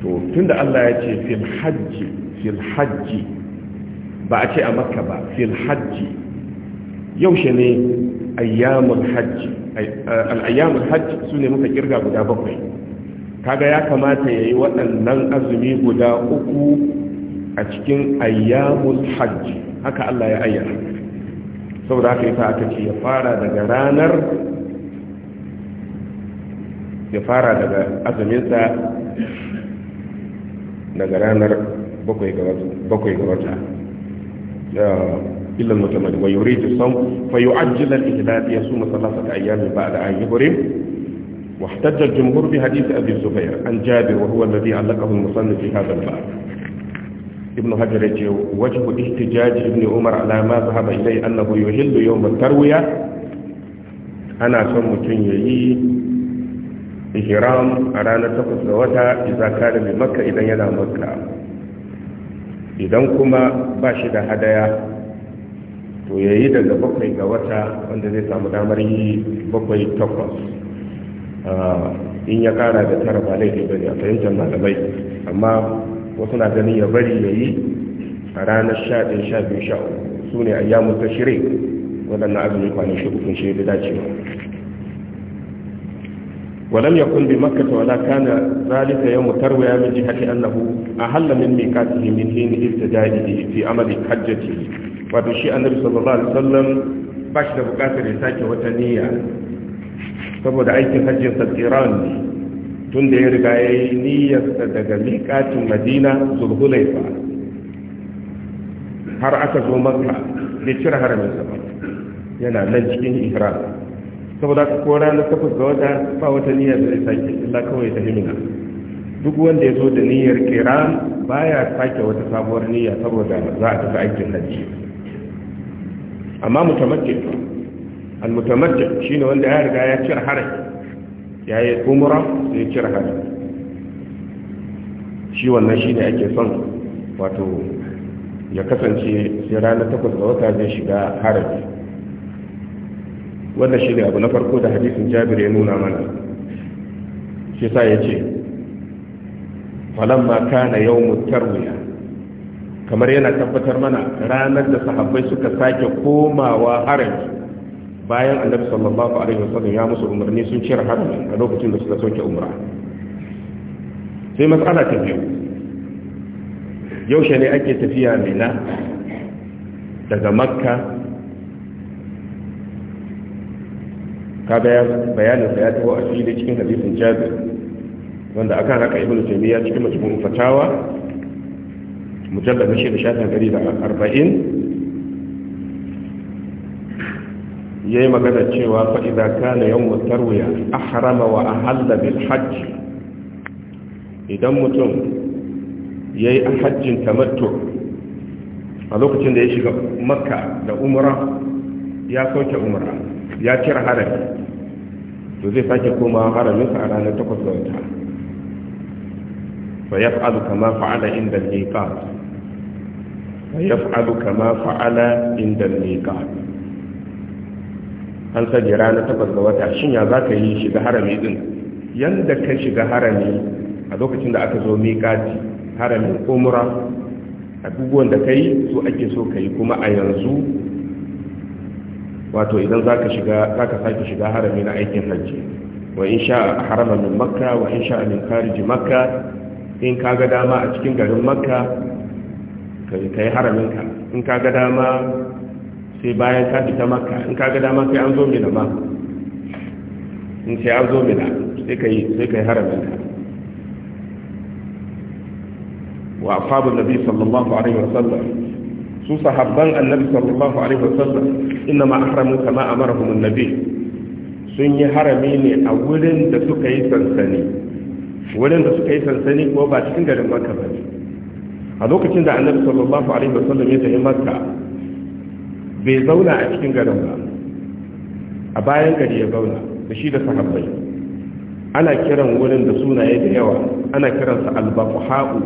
to tun da Allah ya ce fil hajji fil hajji ba a ce a makka ba fil hajji yaushe ne ayyamul hajji eh, al-ayyamul hajji su ne muka kirga guda bakwai kaga ya kamata yayi yi waɗannan azumi guda uku a cikin ayyamul hajji haka Allah ya ayyana saboda haka yasa aka ce ya fara daga ranar ya fara daga azuminsa daga ranar bakwai ga wata ya illan mutamadi wa yuridu sam fa yu'ajjilu al-ihlal yasum thalathata ayyamin ba'da an wa yuhrim واحتج الجمهور بحديث أبي الزبير عن جابر وهو الذي علقه المصنف في هذا الباب ibn hajar yace wajhu ihtijaj ibn umar ala ma zahaba ilai annahu yuhillu yawm wuya ana son mutum yayi ihram a ranar takwas ga wata isa kare mai makka idan yana makka idan kuma ba shi da hadaya to yayi daga bakwai ga wata wanda zai samu damar yi bakwai takwas in ya kara da tara ba laifi bane a fahimtar malamai amma wasu na ganin ya bari ya yi a ranar sha ɗaya sha biyu sha uku su ne a yamun ta shire waɗannan azumin kwanaki uku shi da dacewa ولم يكن بمكة ولا كان ذلك يوم تروية من جهة أنه أهل من ميقاته من حين ابتدائه في عمل حجته وتشيء النبي صلى الله عليه وسلم باشد بكاتر يساك وتنية saboda aikin hajjin sa ne tun da ya riga ya yi niyyarsa daga miƙatin madina zulhulaifa har aka zo maka bai cire haramin ba yana nan cikin ihram saboda ka ko ranar takwas ga wata ba wata niyyar da ya sake illa kawai ta himina duk wanda ya zo da niyyar ba ya sake wata sabuwar niyya saboda za a tafi aikin hajji amma mutamakkin al mutamakkin shine wanda ya riga ya cire haramin ya yi umra sai cire hajji shi wannan shi ne ake son wato ya kasance sai ranar takwas da wata zai shiga harabi wannan shi ne abu na farko da hadisin jabir ya nuna mana shi sa ya ce falamma kana yawmut tarwiya kamar yana tabbatar mana ranar da sahabbai suka sake komawa harabi bayan annabi sallallahu alaihi wasallam ya musu umarni sun cire harami a lokacin da suka soke umra sai matsala ta biyu yaushe ne ake tafiya mina daga makka ka bayanin sa ya taho a fili cikin hadisin jabir wanda aka raka ibn taymiya cikin majmu'u fatawa mujallad na shida shafin gari arba'in yayi magana cewa fa idza kana wuya a ahrama wa ahalla bil hajj idan mutum ya yi a hajjin tamattu a lokacin da ya shiga makka da umra ya sauke umra ya cire harami to zai sake koma haraminsa a ranar takwas ga wata fa yaf'alu kama fa'ala inda al-miqat fa yaf'alu kama fa'ala inda al-miqat an sani rana takwas ga wata shin ya za ka yi shiga harami din yadda ka shiga harami a lokacin da aka zo miƙati haramin umra abubuwan da ka yi su ake so ka yi kuma a yanzu wato idan za ka shiga za ka sake shiga harami na aikin hajji wa in sha harama min makka wa in sha a min kariji makka in ka ga dama a cikin garin makka ka yi haraminka in ka ga dama sai bayan ka fita maka in ka ga dama sai an zo mina ma in sai an zo mina sai ka yi sai ka yi haramin ka wa ashabu nabi sallallahu alaihi wasallam su sahabban annabi sallallahu alaihi wasallam inna ma ahramu kama amarahum annabi sun yi harami ne a wurin da suka yi sansani wurin da suka yi sansani ko ba cikin garin makka ba ne a lokacin da annabi sallallahu alaihi wasallam ya tafi makka bai zauna a cikin garin ba a bayan gari ya zauna da shi da sahabbai ana kiran wurin da sunaye da yawa ana kiransa al-baqha'u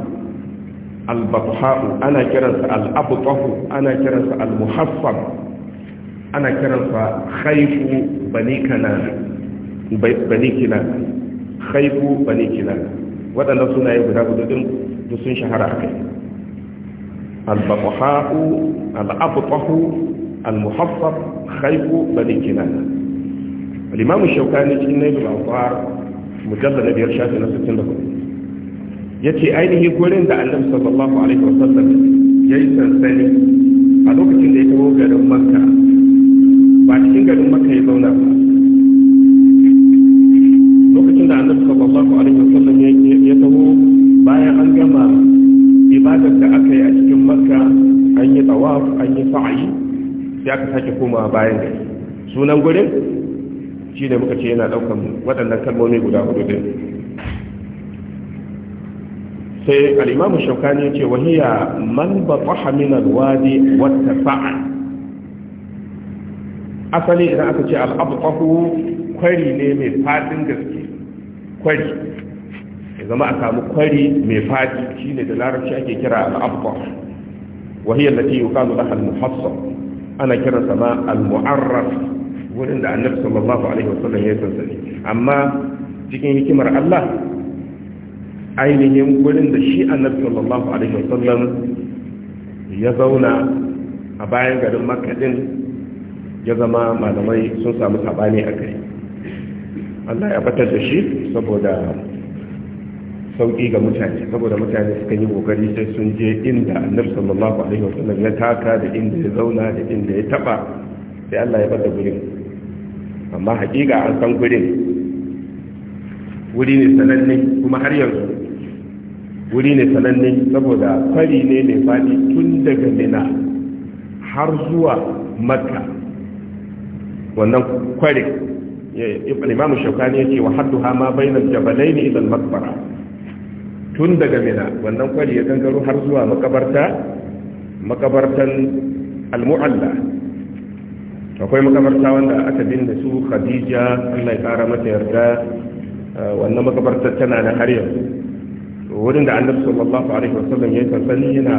al-baqha'u ana kiransa al-abtahu ana kiransa al ana kiransa haifu banikina. Haifu banikina waɗannan sunaye guda hudu din sun shahara akai al-baqha'u al-abtahu المحفظ خيف بني كنانة الإمام الشوكاني في نيل الأوطار مجلد نبي إرشاد نفس تندق يتي أينه قولين دا النبي صلى الله عليه وسلم جيسا ثاني a lokacin da ya taho sunan gurin shi ne muka ce yana daukan waɗannan kalmomi guda hudu din sai al'imamu shaukani ya ce wahiya man ba tsaha min alwadi wata fa'a asali idan aka ce al'abtahu kwari ne mai fadin gaske kwari ya zama a samu kwari mai fadi shi ne da larabci ake kira al'abtahu wahiyar da ke yi kanu da al-muhassar ana kiransa ma al-mu'arraf wurin da annabi sallallahu alaihi wasallam ya sansani amma cikin hikimar Allah ainihin wurin da shi annabi sallallahu alaihi wasallam ya zauna a bayan garin makka din ya zama malamai sun samu sabani a kai Allah ya batar da shi saboda sauki ga mutane saboda mutane suka yi kokari sai sun je inda annabi sallallahu alaihi wasallam ya taka da inda ya zauna da inda ya taba sai Allah ya bada gurin amma hakika an san gurin wuri ne sananne kuma har yanzu wuri ne sananne saboda fari ne mai faɗi tun daga mina har zuwa makka wannan kwari eh, imam ya ce wa haddu ha ma bainar jabalai ne idan makbara tun daga mina wannan kwari ya gangaro har zuwa makabarta makabartan al-mu'alla akwai makabarta wanda aka binne su khadija allah ya kara mata yarda uh, wannan makabartar tana na har yanzu wurin da annabi sallallahu alaihi wasallam ya sansani yana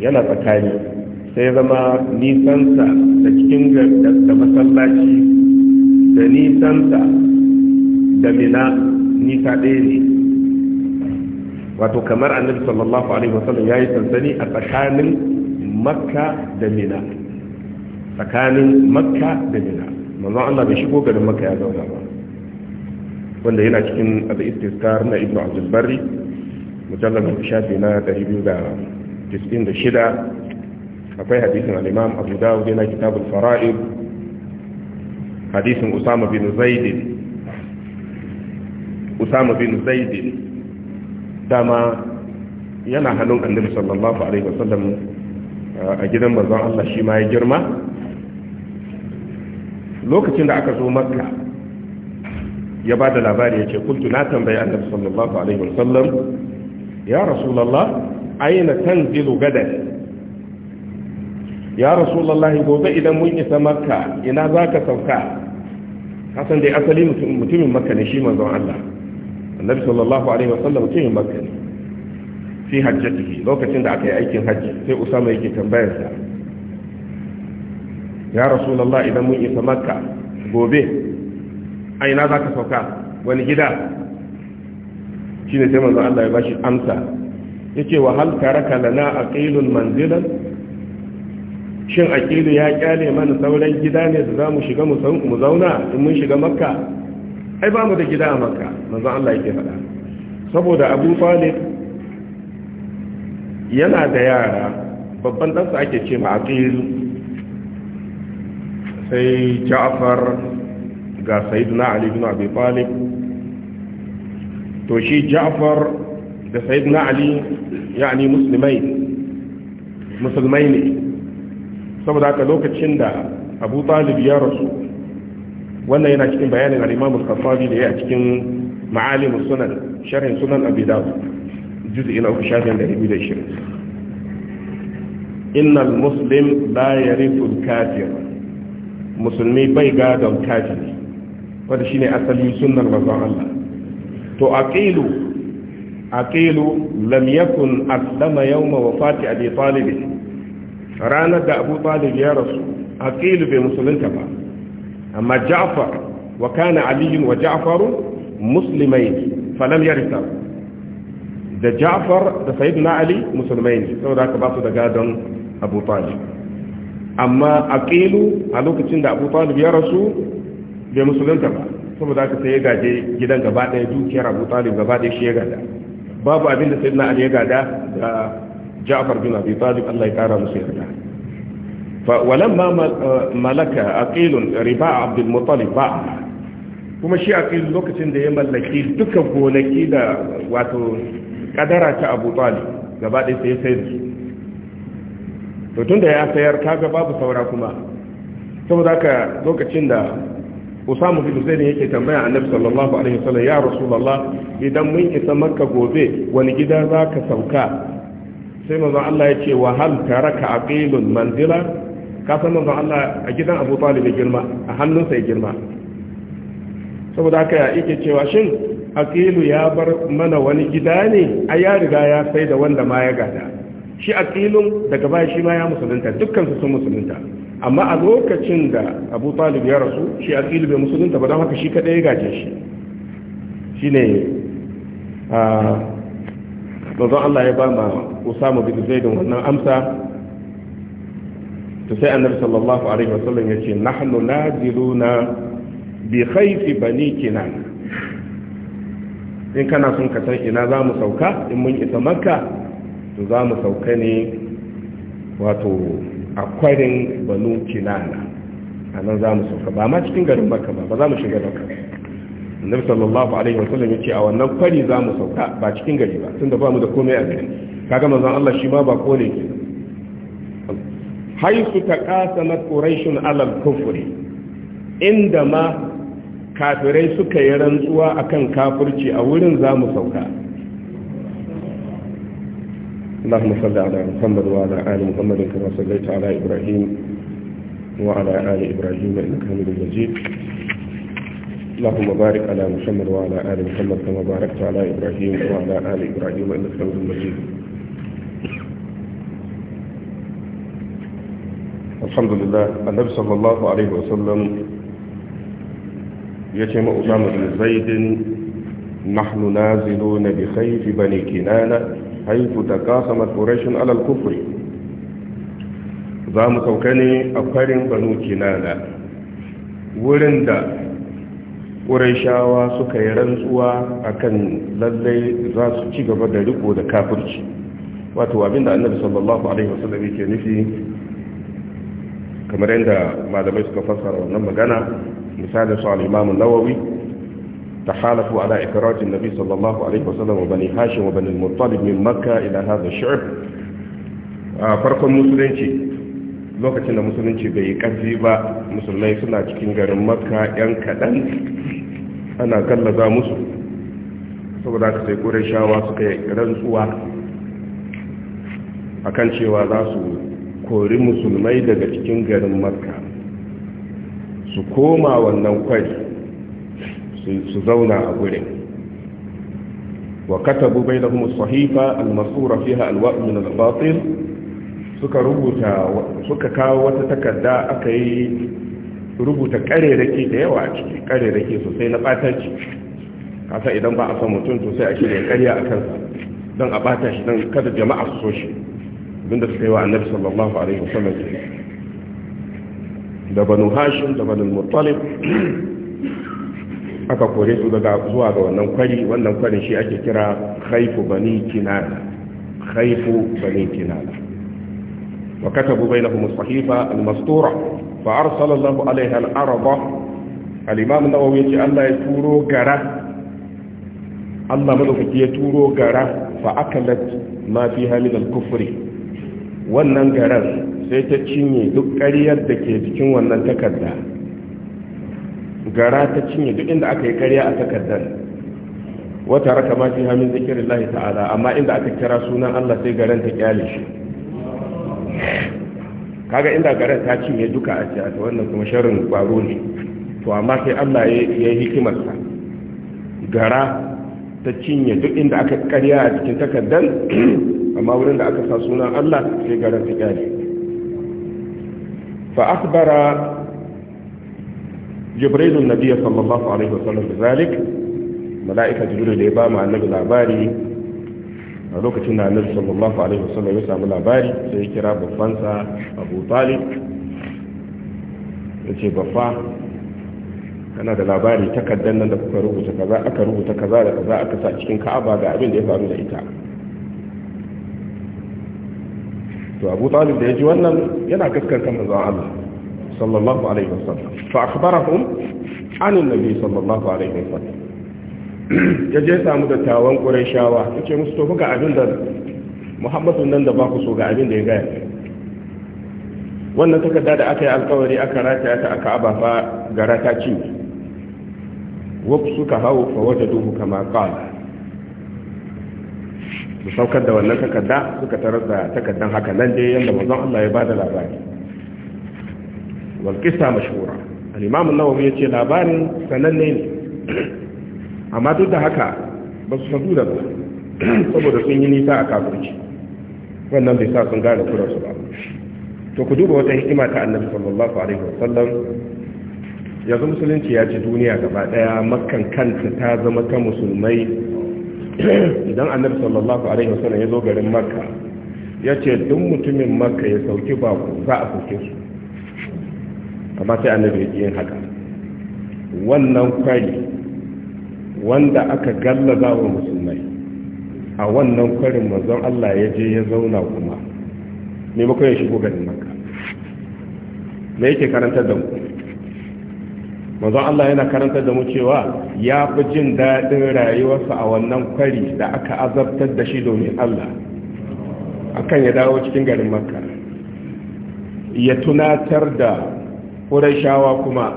yana tsakani sai zama nisansa da cikin da masallaci da nisansa da mina nisa ɗaya ne wato kamar annabi sallallahu alaihi wasallam ya yi sansani a tsakanin makka da mina tsakanin makka da mina manzo Allah bai shigo garin makka ya zauna ba wanda yana cikin al-istiskar na ibnu abdul barri mujallal shafi na 296 akwai hadisin al-imam abu dawud yana al fara'id hadisin usama bin zaid usama bin zaid dama yana hannun annabi sallallahu alaihi wasallam a gidan manzon Allah shi ma ya girma lokacin da aka zo makka ya ba da labari ya ce kultu na tambayi annabi sallallahu alaihi wasallam ya rasulullah aina tanzilu gadan ya rasulullah gobe idan mun isa makka ina zaka sauka kasan dai asali mutumin makka ne shi manzon Allah annabi sallallahu alaihi wasallam mutumin makka ne fi hajjatihi lokacin da aka yi aikin hajji sai usama yake sa. ya rasulullah idan mun isa makka gobe a ina za ka sauka wani gida shi ne sai Allah ya ba shi amsa ya ce wa hal taraka a aqilun manzilan shin a aqilu ya kyale mana sauran gida ne da za mu shiga mu zauna in mun shiga makka ai ba mu da gida a makka manzon Allah ya ke faɗa saboda abu talib yana da yara babban ɗansa ake ce ma aqilu sai ja'far ga sayyidina ali ibn abi talib to shi ja'far da sayyidina ali yani musulmai musulmai ne saboda haka lokacin da abu talib ya rasu wannan yana cikin bayanin al-imam al-khattabi da ya cikin ma'alim sunan sharhin sunan abi dawud juz'i na uku shafin da ibi da shirin innal muslim la yarithu al-kafir musulmi bai gadon kafiri wanda shine asali sunnar manzon Allah to aqilu aqilu lam yakun aslama yawma wafati abi talib ranar da abu talib ya rasu aqilu bai musulunta ba amma ja'far wa kana ali wa ja'far muslimain falam yarisa da ja'far da sayyidina ali musulmai ne saboda haka ba su da gadon abu talib amma a ƙilu a lokacin da abu talib ya rasu bai musulunta ba saboda aka sai ya gaje gidan gaba ɗaya dukiyar abu talib gaba ɗaya shi ya gada babu abin da sayyidina ali ya gada da ja'far bin abi talib Allah ya kara musu yarda fa ma eh, malaka aqil riba' abd al-muttalib ba kuma shi aqil lokacin da ya mallaki duka gonaki da wato kadara ta abu talib gaba ɗaya sai ya to tunda ya sayar kaga babu saura kuma saboda haka lokacin da Usama bin Zayd yake tambaya Annabi sallallahu alaihi wasallam ya Rasulullah idan mun isa Makka gobe wani gida za ka sauka sai manzo Allah ya ce wa hal taraka aqilun manzila ka san manzo Allah a gidan Abu Talib girma a hannunsa ya girma saboda haka yake cewa shin aqilu ya bar mana wani gida ne ai ya riga ya sai da wanda ma ya gada shi a aqilun daga baya shi ma ya musulunta dukkan su sun musulunta amma a lokacin da Abu Talib ya rasu shi a aqilu bai musulunta ba don haka shi kadai ya gaje shi ne a manzon Allah ya ba ma Usama bin wannan amsa Ta sai annabi sallallahu alaihi wasallam ya ce nahnu naziruna bi khayfi bani kinana in kana son ka san ina za mu sauka in mun isa makka za mu sauka ne wato a kwarin banu kinana a nan za mu sauka ba ma cikin garin maka ba ba za mu shiga maka annabi sallallahu alaihi wa sallam yace a wannan kwari za mu sauka ba cikin gari ba tunda ba mu da komai a gari kaga manzon Allah shi ma ba kone ke haisu taqasamat quraishun alal kufri inda ma kafirai suka yi rantsuwa akan kafirci a wurin za mu sauka اللهم صل على محمد وعلى آل محمد كما صليت على إبراهيم وعلى آل إبراهيم إنك حميد مجيد اللهم بارك على محمد وعلى آل محمد كما باركت على إبراهيم وعلى آل إبراهيم إنك حميد مجيد الحمد لله النبي صلى الله عليه وسلم يتم أسامة بن زيد نحن نازلون بخيف بني كنانة haitu ta kasamar ƙorashin alal kufri za mu sauka ne a farin banu kinana wurin da ƙorashawa suka yi rantsuwa a kan lallai za su ci gaba da riko da kafirci wato abinda annabi sallallahu alaihi wasallam yake nufi kamar yadda malamai suka fassara wannan magana misalin su al-imamu nawawi تحالفوا على إكراج النبي صلى الله عليه وسلم وبني هاشم وبني المطالب من مكة إلى هذا الشعب فرق المسلمين lokacin المسلمين musulunci bai yi ƙarfi ba musulmai suna cikin garin makka 'yan kaɗan ana saboda ka sai ƙurai shawa suka yi rantsuwa a kan cewa za su kori musulmai daga cikin garin makka su koma wannan kwari su zauna a gurin wa katabu bainahum as-sahifa al-masura fiha al-wa'd min al-batil suka rubuta suka kawo wata takarda aka yi rubuta karerake da yawa a ciki karerake sosai na batanci kasa idan ba a san mutum sosai, a shirya karya a kansa don a bata shi don kada jama'a su so shi abinda suka yi wa annabi sallallahu alaihi wasallam da banu hashim da banu muttalib aka kore su daga zuwa ga wannan kwari wannan kwarin shi ake kira haifu bani kinana haifu bani kinana wa katabu bainahum as-sahifa al-mastura fa arsala Allah alaiha al-arda al-imam an-nawawi yace Allah ya turo gara Allah madaukaki ya turo gara fa akalat ma fiha min al-kufri wannan garan sai ta cinye duk ƙaryar da ke cikin wannan takarda gara ta cinye duk inda aka yi karya a takardar wata raka ma fi hamin zikirin lahi ta'ala amma inda aka kira sunan allah sai garan ta kyale shi kaga inda garan ta cinye duka a ta wannan kuma sharrin kwaro ne to amma sai allah ya yi hikimarsa gara ta cinye duk inda aka karya a cikin takardar amma wurin da aka sa sunan allah sai garan ta kyale fa akhbara jibril nabi sallallahu alaihi wasallam da zalik mala'ika jibril da ya ba mu annabi labari a lokacin da annabi sallallahu alaihi wasallam ya samu labari sai ya kira babban sa Abu Talib yace baffa kana da labari takaddan nan da kuka rubuta kaza aka rubuta kaza da kaza aka sa cikin Ka'aba ga abin da ya faru da ita to Abu Talib da ya ji wannan yana kaskanta manzon Allah صلى الله عليه وسلم فأخبرهم عن النبي صلى الله عليه وسلم yaje samu dattawan shawa yace musu to ga abin da Muhammadu nan da ba ku so ga abin da ya gaya wannan takarda da aka yi alkawari aka rataya ta aka aba fa gara ta ci wasu suka hau fa wajaduhu kama qala su saukar da wannan takarda suka tarar da takardan haka nan dai yadda manzon Allah ya bada labari wal kisa mashhura al-imam an-nawawi yace labarin sananne ne amma duk da haka ba su sadu da ba saboda sun yi nisa a kafirci wannan bai sa sun gane su ba to ku duba wata hikima ta annabi sallallahu alaihi wasallam yanzu musulunci ya ci duniya gaba daya makkan kanta ta zama ta musulmai idan annabi sallallahu alaihi wasallam ya zo garin makka ya ce duk mutumin makka ya sauki baku za a kuke su amma sai annabi ya yin haka wannan kwari wanda aka gallaza wa musulmai a wannan kwarin manzon Allah ya je ya zauna kuma ne maka ya shigo garin maka me yake karantar da mu manzon Allah yana karantar da mu cewa ya fi jin daɗin rayuwarsa a wannan kwari da aka azabtar da shi domin Allah akan ya dawo cikin garin makka ya tunatar da shawa kuma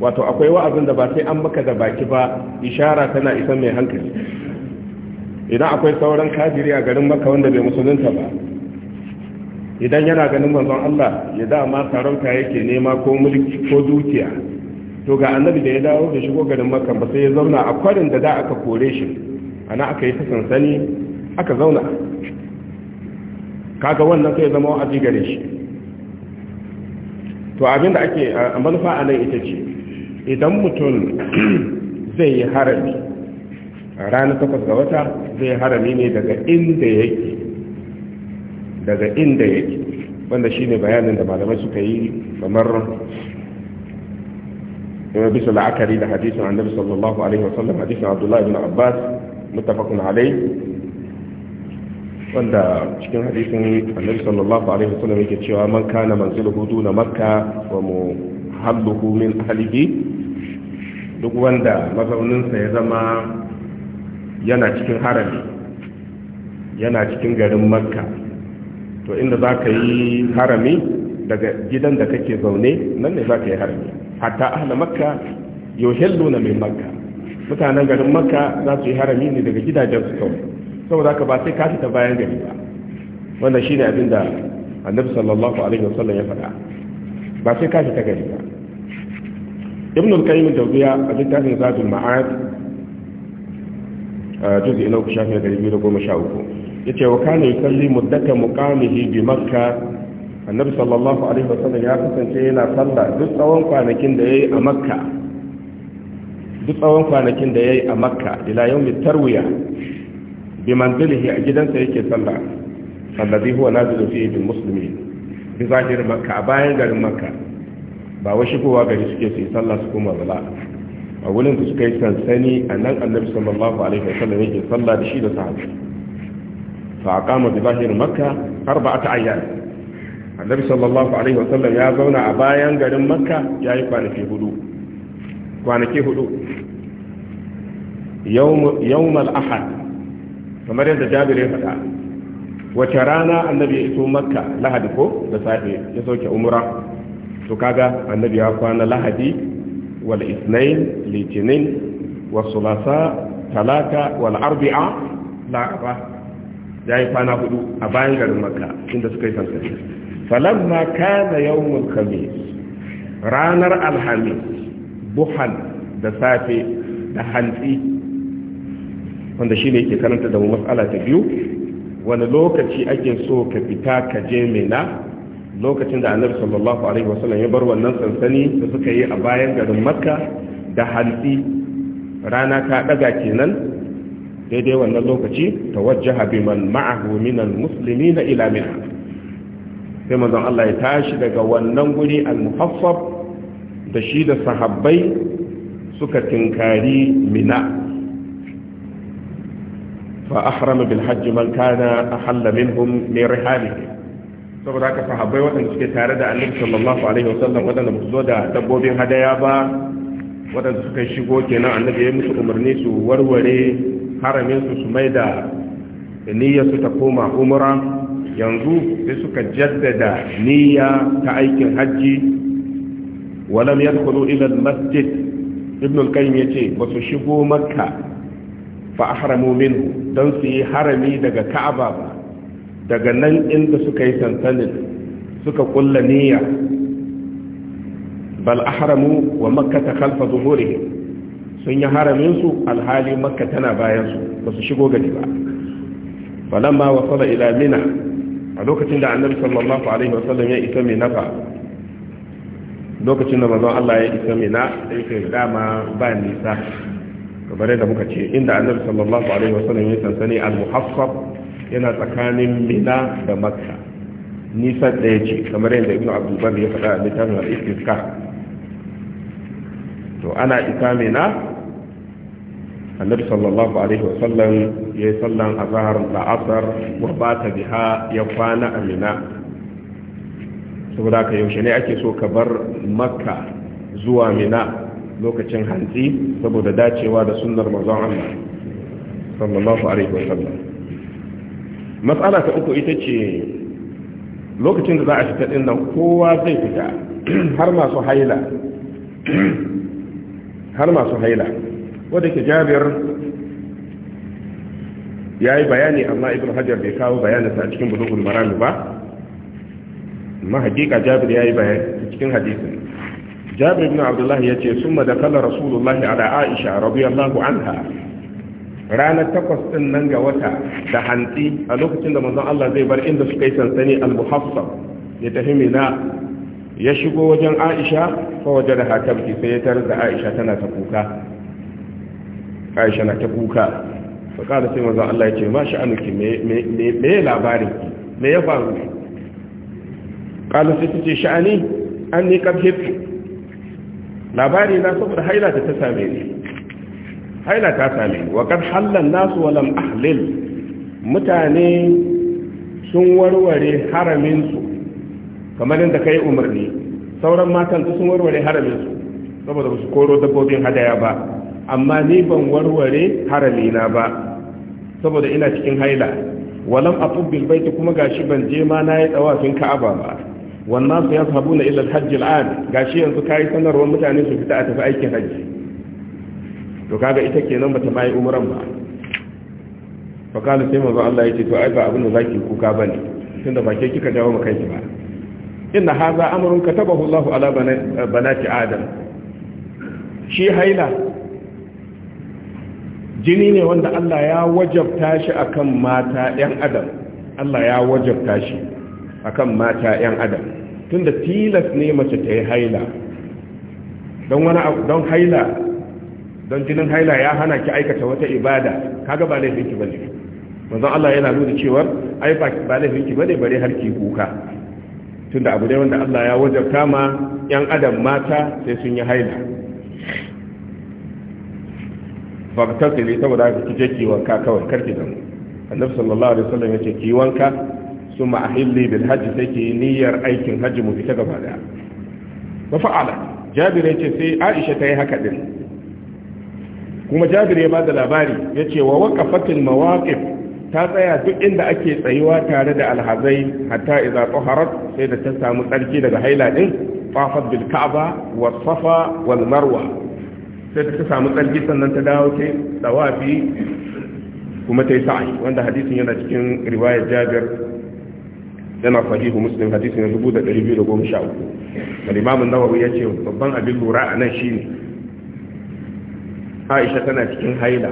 wato akwai wa'azin da ba sai an maka da baki ba ishara tana isa mai hankali idan akwai sauran kafiri a garin maka wanda bai musulunta ba idan yana ganin manzon Allah ya dama sarauta yake nema ko mulki ko dukiya to ga annabi da ya dawo da shigo garin maka ba sai ya zauna a kwarin da da aka kore shi ana aka yi ta sansani aka zauna kaga wannan sai zama wa'azi gare shi to abin da ake manufa a nan ita ce idan mutum zai yi harami ranar takwas ga wata zai harami ne daga inda yake daga inda yake wanda shi ne bayanin da malamai suka yi kamar bisa la'akari da hadisin annabi sallallahu alaihi wasallam hadisin abdullahi bin abbas mutafakun alaihi wanda cikin hadisin annabi sallallahu alaihi wasallam yake cewa man kana hudu na makka wa muhalluhu min halibi duk wanda mazauninsa ya zama yana cikin harami yana cikin garin makka to inda za ka yi harami daga gidan da kake zaune nan ne za ka yi harami hatta ahla makka yau na min makka mutanen garin makka za su yi harami ne daga gidajen su kawai saboda ka ba sai ka fita bayan gari ba wannan shine abin da annabi sallallahu alaihi wasallam ya faɗa ba sai ka fita gari ba ibn al-qayyim tawbiya a littafin zatul ma'ad juz'i na uku shafi gari biyu da goma sha uku Ya ce, wa kana yusalli muddata muqamihi bi makka annabi sallallahu alaihi wasallam ya kasance yana sallah duk tsawon kwanakin da yayi a makka duk tsawon kwanakin da ya yi a makka ila yau tarwiya bi a gidansa yake sallah alladhi huwa nazilu fihi bil muslimin bi makka a bayan garin makka ba wa shigowa gari suke su yi sallah su koma bala a wurin da suka sansani a nan annabi sallallahu alaihi wa sallam yake sallah da shi da sahabi fa aqama bi zahir makka arba'ata ayyan annabi sallallahu alaihi wa sallam ya zauna a bayan garin makka kwanaki hudu ahad kamar yadda jabir ya faɗa wace rana annabi ya iso makka lahadi ko da safe ya sauke umura to kaga annabi ya kwana lahadi wal isnain litinin wa sulasa talata wal arbi'a laraba ya yi kwana hudu a bayan garin makka inda suka yi sansani falamma kana yawmul khamis ranar alhamis buhan da safe da hantsi wanda shi ne ke karanta da mu matsala ta biyu wani lokaci ake so ka fita ka je mena lokacin da annabi sallallahu alaihi wasallam ya bar wannan sansani da suka yi a bayan garin makka da hantsi rana ta daga kenan daidai wannan lokaci ta biman ma'ahu minal muslimina ila mina sai manzon Allah ya tashi daga wannan guri al-muhaffab da shi da sahabbai suka tinkari mina فأحرم بالحج من كان أحل منهم من رحالهم saboda haka sahabbai waɗanda suke tare da annabi sallallahu alaihi wasallam waɗanda ba su zo da dabbobin hadaya ba waɗanda suka shigo kenan annabi ya musu umarni su warware haramin su su mai da niyyar su ta koma umra yanzu sai suka jaddada niyya ta aikin hajji walam yadkhulu ila al-masjid ibn al-qayyim yace ba su shigo makka fa ahramu minhu don su yi harami daga ka'aba ba daga nan inda suka yi sansanin suka kulla niyya bal ahramu wa makkata khalfa zuhurihim sun yi haramin su alhali makka tana bayan su ba su shigo gari ba falamma wasala ila mina a lokacin da annabi sallallahu alaihi wasallam ya isa mai nafa lokacin da manzon Allah ya isa mina sai dama ba nisa kamar yadda muka ce inda annabi sallallahu alaihi wasallam ya sansani al-muhaffab yana tsakanin mina da makka nisan ɗaya ce kamar yadda ibnu abdulbar ya faɗa a littafin al-istiska to ana isa mina annabi sallallahu alaihi wasallam ya yi sallan azhar da asar wa bata biha ya kwana a mina saboda ka yaushe ne ake so ka bar makka zuwa mina lokacin hantsi saboda dacewa da sunnar manzon Allah sallallahu alaihi wasallam matsala ta uku ita ce lokacin da za a fita din nan kowa zai fita har masu haila har masu haila wanda ke jabir ya yi bayani amma ibn hajar bai kawo bayaninsa a cikin bulugul marami ba ma hakika jabir ya yi bayani cikin hadisin jabir ibn abdullahi ya ce sun madakala rasulullahi ala aisha radiyallahu anha ranar takwas din nan ga wata da hantsi a lokacin da manzon Allah zai bar inda suka yi sansani al-muhaffaf ya tafi mina ya shigo wajen aisha fa waje da hatabki sai ya tarar da aisha tana ta kuka aisha na ta kuka fa kada sai manzon Allah ya ce ma sha'anuki me me me labarin me ya faru kala sai ta ce sha'ani anni kabhitu labari na saboda haila ta ta same ni haila ta same ni wa kad hallan nas wa lam ahlil mutane sun warware haramin su kamar inda kai umarni sauran matan sun warware haramin su saboda su koro dabbobin hadaya ba amma ni ban warware haramina ba saboda ina cikin haila walam atub bil bait kuma gashi ban je ma na yi tsawafin ka'aba ba wannan su yadhabu na ila al-hajj al-an gashi yanzu kai sanarwar mutane su fita a tafi aikin hajji to kaga ita kenan bata bai umran ba fa kana sai manzo Allah yace to ai ba abin da zaki kuka bane tunda ba ke kika jawo maka ba inna hadha amrun katabahu Allah ala banati adam shi haila jini ne wanda Allah ya wajabta shi akan mata 'yan adam Allah ya wajabta shi akan mata 'yan adam tunda tilas ne mace ta yi haila don wani don haila don jinin haila ya hana ki aikata wata ibada kaga ba laifin ki bane manzon Allah yana nuna cewa ai ba laifin ki bane bare har ki kuka tunda abu ne wanda Allah ya wajabta ma 'yan adam mata sai sun yi haila ba ka tattale saboda haka kije ki wanka kawai karki da mu annabi sallallahu alaihi wasallam yace ki wanka ثم أحلي بالحج تكي نير أيكن حج مفتقى بعدها وفعل جابر يتسي عائشة تيهك دل kuma jabir ya bada labari ya ce wa waƙafatin mawaƙif ta tsaya duk inda ake tsayuwa tare da alhazai hatta iza tsoharar sai da ta samu tsarki daga haila din fafat bil ka'aba wa safa wal marwa sai da ta samu tsarki sannan ta dawo ta tsawafi kuma ta yi sa'ayi wanda hadisin yana cikin riwayar jabir yana sahihu muslim hadisi na dubu da da biyu goma sha uku da limamin nawawi ce babban abin lura anan shine Aisha tana cikin haila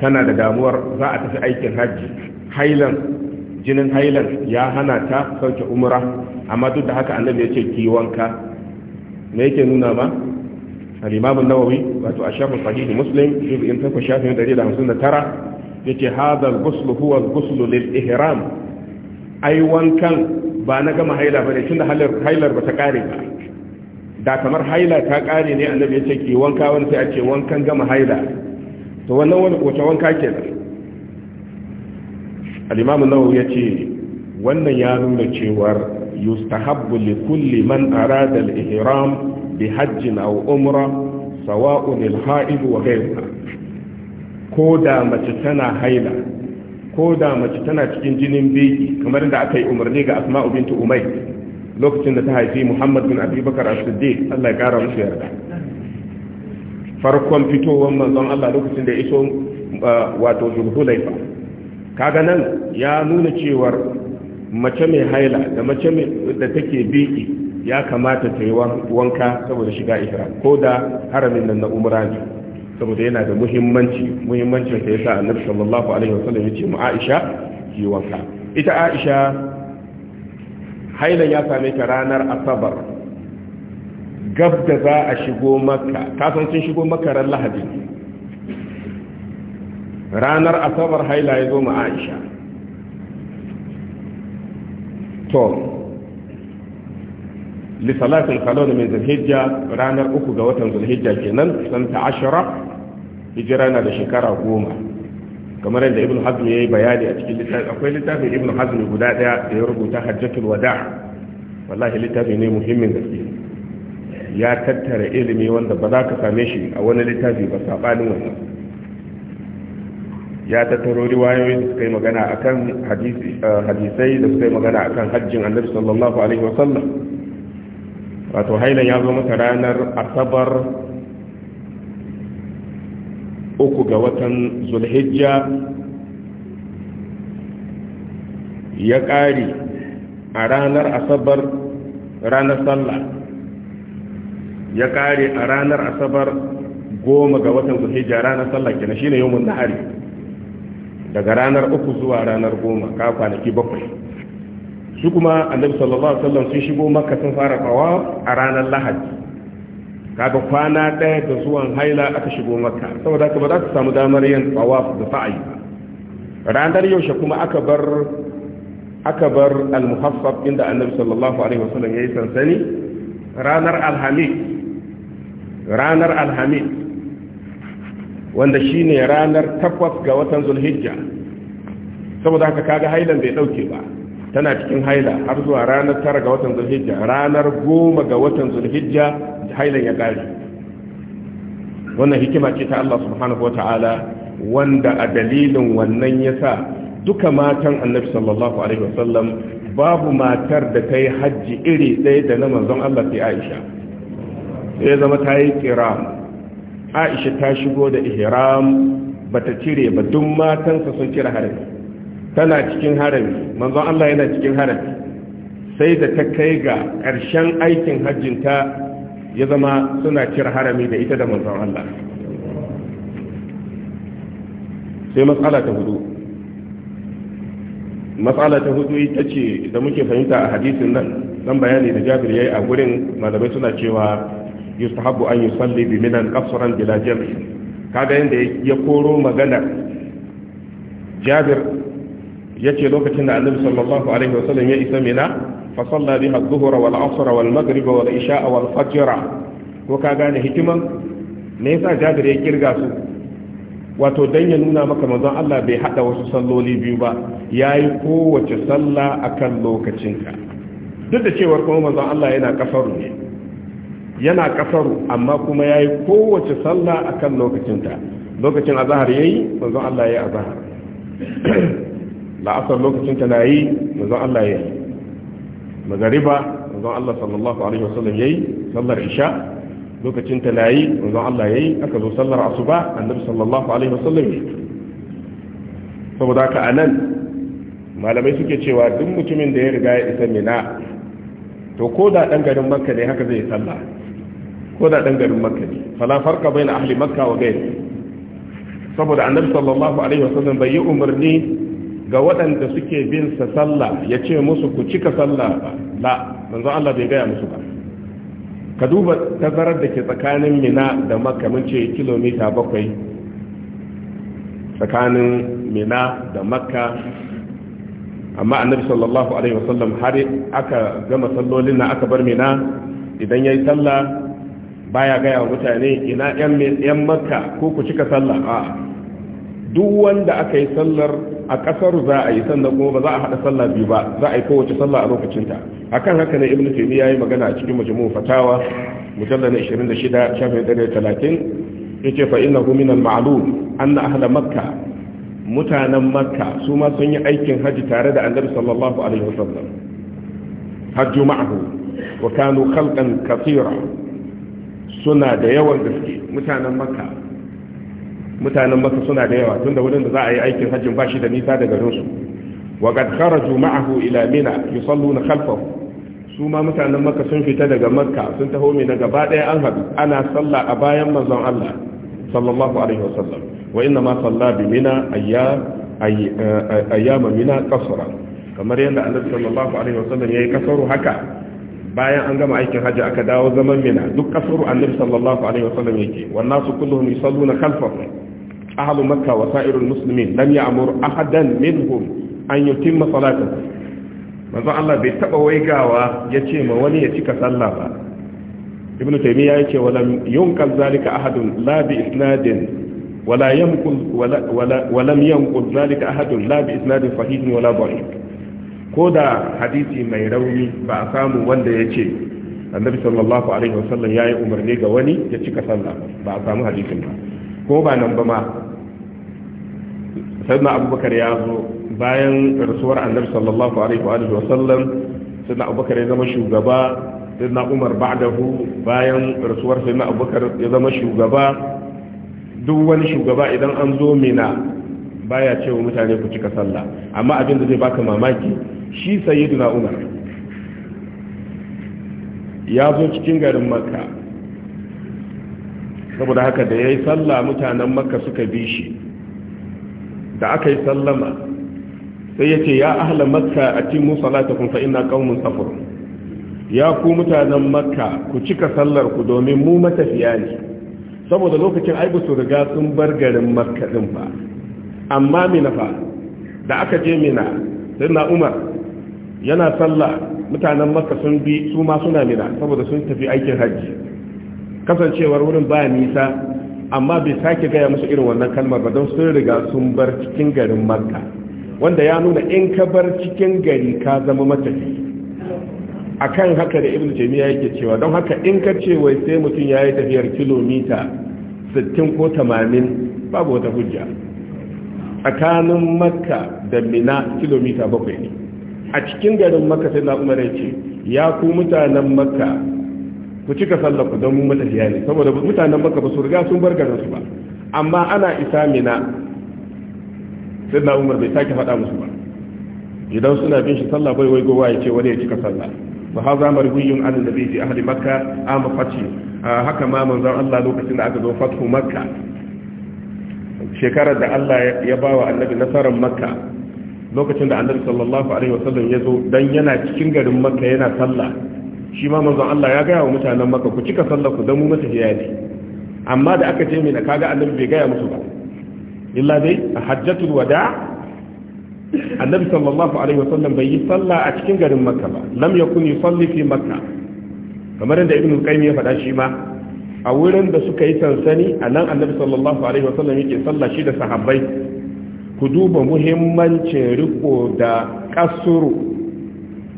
tana da damuwar za a tafi aikin hajji hailan jinin hailan ya hana ta sauke umra amma duk da haka annabi ce ki wanka me yake nuna ma al-imam an-nawawi wato a shafin sahihi muslim juz'in 8 shafin 159 yace hadha al-ghusl huwa al-ghusl lil-ihram ai wankan ba na gama haila ba ne da hailar ba ta kare ba da kamar haila ta kare ne annabi ya ce ki wanka wani sai a ce wankan gama haila to wannan wani wata wanka ke nan al-imam an-nawawi ya ce wannan ya nuna cewar yustahabbu li kulli man arada al-ihram bi hajjin aw umra sawa'un al-ha'id wa ghayruha ko da mace tana haila ko da mace tana cikin jinin beki kamar da aka yi umarni ga asma'u bintu umay lokacin da ta haifi muhammad bin abubakar as-siddiq Allah ya kara musu yarda farkon fitowar manzon Allah lokacin da iso uh, wato laifa kaga nan ya nuna cewar mace mai haila da mace da take beki ya kamata ta yi wanka saboda shiga ihram ko da haramin nan na umra saboda yana da muhimmanci muhimmancin sa yasa annabi sallallahu alaihi wasallam ya ce mu Aisha ki wanka ita Aisha hailan ya same ta ranar Asabar gab da za a shigo Makka ta san sun shigo Makka ran Lahadi ranar Asabar haila ya zo mu Aisha to lisalatul kalon mai zulhijja ranar uku ga watan zulhijja kenan santa ashira. hijira na da shekara goma kamar yadda ibn hazm ya yi bayani a cikin littafi akwai littafin ibn hazm guda ɗaya da ya rubuta hajjatul wada wallahi ne muhimmin gaske ya tattara ilimi wanda ba za ka same shi a wani littafi ba sabanin wannan ya tattaro riwayoyi da suka yi magana akan eh, hadisai da suka yi magana akan hajjin annabi wato hailan ya zo mata ranar asabar uku ga watan zulhijja ya ƙari a ranar asabar ranar sallah ya ƙari a ranar asabar goma ga watan zulhijja ranar sallah ne shine yawon nahari daga ranar uku zuwa ranar goma ka kwanaki bakwai shi kuma annabi sallallahu alaihi wasallam sun shigo makka sun fara tawaf a ranar lahadi kaga kwana ɗaya da zuwan haila aka shigo makka saboda haka ba za ta samu damar yin tawaf da sa'i ba ranar yaushe kuma aka bar aka bar al-muhaffaf inda annabi sallallahu alaihi wasallam yayi sansani ranar alhamis ranar alhamis wanda shine ranar takwas ga watan zulhijja saboda haka kaga hailan bai dauke ba tana cikin haila har zuwa ranar tara ga watan zulhijja ranar goma ga watan zulhijja hailan ya ƙare wannan hikima ce ta Allah subhanahu wa ta'ala wanda a dalilin wannan ya sa duka matan annabi sallallahu alaihi wasallam babu matar da ta yi hajji iri ɗaya da na manzon Allah sai Aisha ya zama ta yi kiram Aisha ta shigo da ihram bata cire ba duk matansa sun cire harami tana cikin harami manzon Allah yana cikin harami sai da ta kai ga ƙarshen aikin hajjinta ya zama suna cire harami da ita da manzon Allah sai matsala ta hudu matsala ta hudu ita ce da muke fahimta a hadisin nan dan bayani da Jabir yayi a gurin malamai suna cewa yustahabu an yusalli bi minan qasran bila jam'i kaga inda ya koro magana Jabir yace lokacin da annabi sallallahu alaihi wasallam ya isa mina fa salla biha adh-dhuhr wal 'asr wal maghrib wal isha wal fajr ko ka gane hikiman me yasa Jabir ya kirga su wato dan ya nuna maka manzon Allah bai hada wasu salloli biyu ba yayi kowace salla akan lokacinka duk da cewa kuma manzon Allah yana kafaru ne yana kafaru amma kuma yayi kowace salla akan lokacinta lokacin azhar yayi manzon Allah ya azhar la'asar lokacin ta na yi manzon Allah ya yi ba manzon Allah sallallahu alaihi wasallam ya yi sallar isha lokacin ta na yi manzon Allah ya yi aka zo sallar asuba annabi sallallahu alaihi wasallam ya yi saboda haka a nan malamai suke cewa duk mutumin da ya riga ya isa mina to ko da ɗan garin makka ne haka zai sallah ko da ɗan garin makka ne fala farka bai na ahli makka wa gairi saboda annabi sallallahu alaihi wasallam bai yi umarni ga waɗanda suke bin sa sallah ya ce musu ku cika sallah ba la manzo Allah bai gaya musu ba ka duba tazarar da ke tsakanin mina da makka mun ce kilomita bakwai tsakanin mina da makka amma annabi sallallahu alaihi wasallam har aka gama sallolin na aka bar mina idan yayi sallah baya gaya wa mutane ina yan makka ko ku cika sallah a duk wanda aka yi sallar a ƙasar za a yi sannan kuma ba za a haɗa sallah biyu ba za a yi kowace sallah a lokacinta akan haka ne ibnu taymiya yi magana a cikin majmu' fatawa mujallal 26 shafin 130 yace fa innahu min al-ma'lum anna ahla Makka. mutanen makka su ma sun yi aikin haji tare da annabi sallallahu alaihi wasallam hajju ma'ahu wa kanu khalqan kathira suna da yawan gaske mutanen makka mutanen maka suna da yawa tunda wurin da za a yi aikin hajjin ba shi da nisa daga garinsu wa qad kharaju ma'ahu ila mina yusalluna khalfahu su ma mutanen maka sun fita daga makka sun taho mina gaba daya an hadu ana sallah a bayan manzon Allah sallallahu alaihi wasallam wa inna ma salla bi mina ayyam ayyama mina qasra kamar yadda annabi sallallahu alaihi wasallam yayi kasaru haka bayan an gama aikin hajji aka dawo zaman mina duk kasaru annabi sallallahu alaihi wasallam yake wannan su kulluhum yusalluna khalfahu ahlu makka wa sa'irul muslimin lam ya'mur ahadan minhum an yutimma salatahu manzo Allah bai taba waigawa yace ma wani ya cika sallah yace wala yunqal zalika ahadun la ko da hadisi mai rauni ba a samu wanda yace annabi sallallahu alaihi wasallam yayi umarni ga wani ya cika ba a samu hadisi ba ko ba nan ba ma sannan abubakar ya zo bayan rasuwar annabi sallallahu alaihi wa sallam sannan abubakar ya zama shugaba sannan umar ba'dahu bayan rasuwar sannan abubakar ya zama shugaba duk wani shugaba idan an zo mina baya cewa mutane ku cika sallah amma abin da zai baka mamaki shi sayyiduna umar ya zo cikin garin makka saboda haka da ya yi sallah mutanen makka suka bi shi da aka yi sallama sai ya ce ya ahla makka a cin musalatakum fa inna qaumun safar ya ku mutanen makka ku cika sallar ku domin mu matafiya ne saboda lokacin ai su riga sun bar garin makka din ba amma mina fa da aka je mina sai na umar yana salla mutanen makka sun bi su ma suna mina saboda sun tafi aikin hajji kasancewar wurin ba nisa amma bai sake gaya musu irin wannan kalmar ba don sun riga sun bar cikin garin makka wanda ya nuna in ka bar cikin gari ka zama matafi akan haka da ibn jami'a yake cewa don haka in ka ce wai sai mutum ya yi tafiyar kilomita 60 ko 80 babu wata hujja tsakanin makka da mina kilomita 7 a cikin garin makka sai na umar ya ce ya ku mutanen makka ku cika sallar ku don mun matafiya ne saboda mutanen maka ba su riga sun bar garin su ba amma ana isa mina sai na umar bai sake faɗa musu ba idan suna bin shi sallah bai wai gowa ya ce wani ya cika sallah ba ha zamar guyun an da bai ahli makka ama fati haka ma manzon Allah lokacin da aka zo fathu makka shekarar da Allah ya ba wa annabi nasarar makka lokacin da annabi sallallahu alaihi wasallam ya zo dan yana cikin garin makka yana sallah shi ma manzon Allah ya gaya wa mutanen maka ku cika sallar ku mu mata hiyaji amma da aka ce mai na kaga annabi bai gaya musu ba illa dai a hajjatul wada annabi sallallahu alaihi wasallam bai yi sallah a cikin garin makka ba lam yakun yusalli fi makka kamar yadda ibnu qayyim ya faɗa shi ma a wurin da suka yi sansani a nan annabi sallallahu alaihi wasallam yake sallah shi da sahabbai ku duba muhimmancin riko da kasuru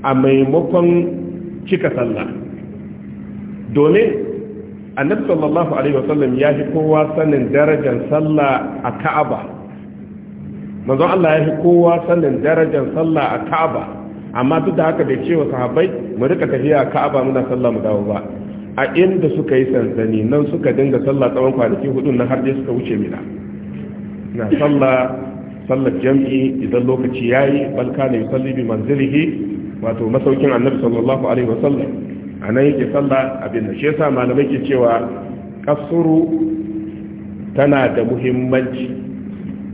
a maimakon cika sallah domin annabi sallallahu alaihi wasallam ya fi kowa sanin darajar sallah a ka'aba manzo Allah ya fi kowa sanin darajar sallah a ka'aba amma duk da haka bai ce wa sahabbai mu rika tafiya a ka'aba muna sallah mu dawo ba a inda suka yi sansani nan suka dinga sallah tsawon kwanaki hudu na har dai suka wuce mina na sallah sallar jam'i idan lokaci yayi balka ne yusalli bi manzilihi wato masaukin annabi sallallahu alaihi wasallam a nan yake sallah abin da shi yasa malamai ke cewa kasuru tana da muhimmanci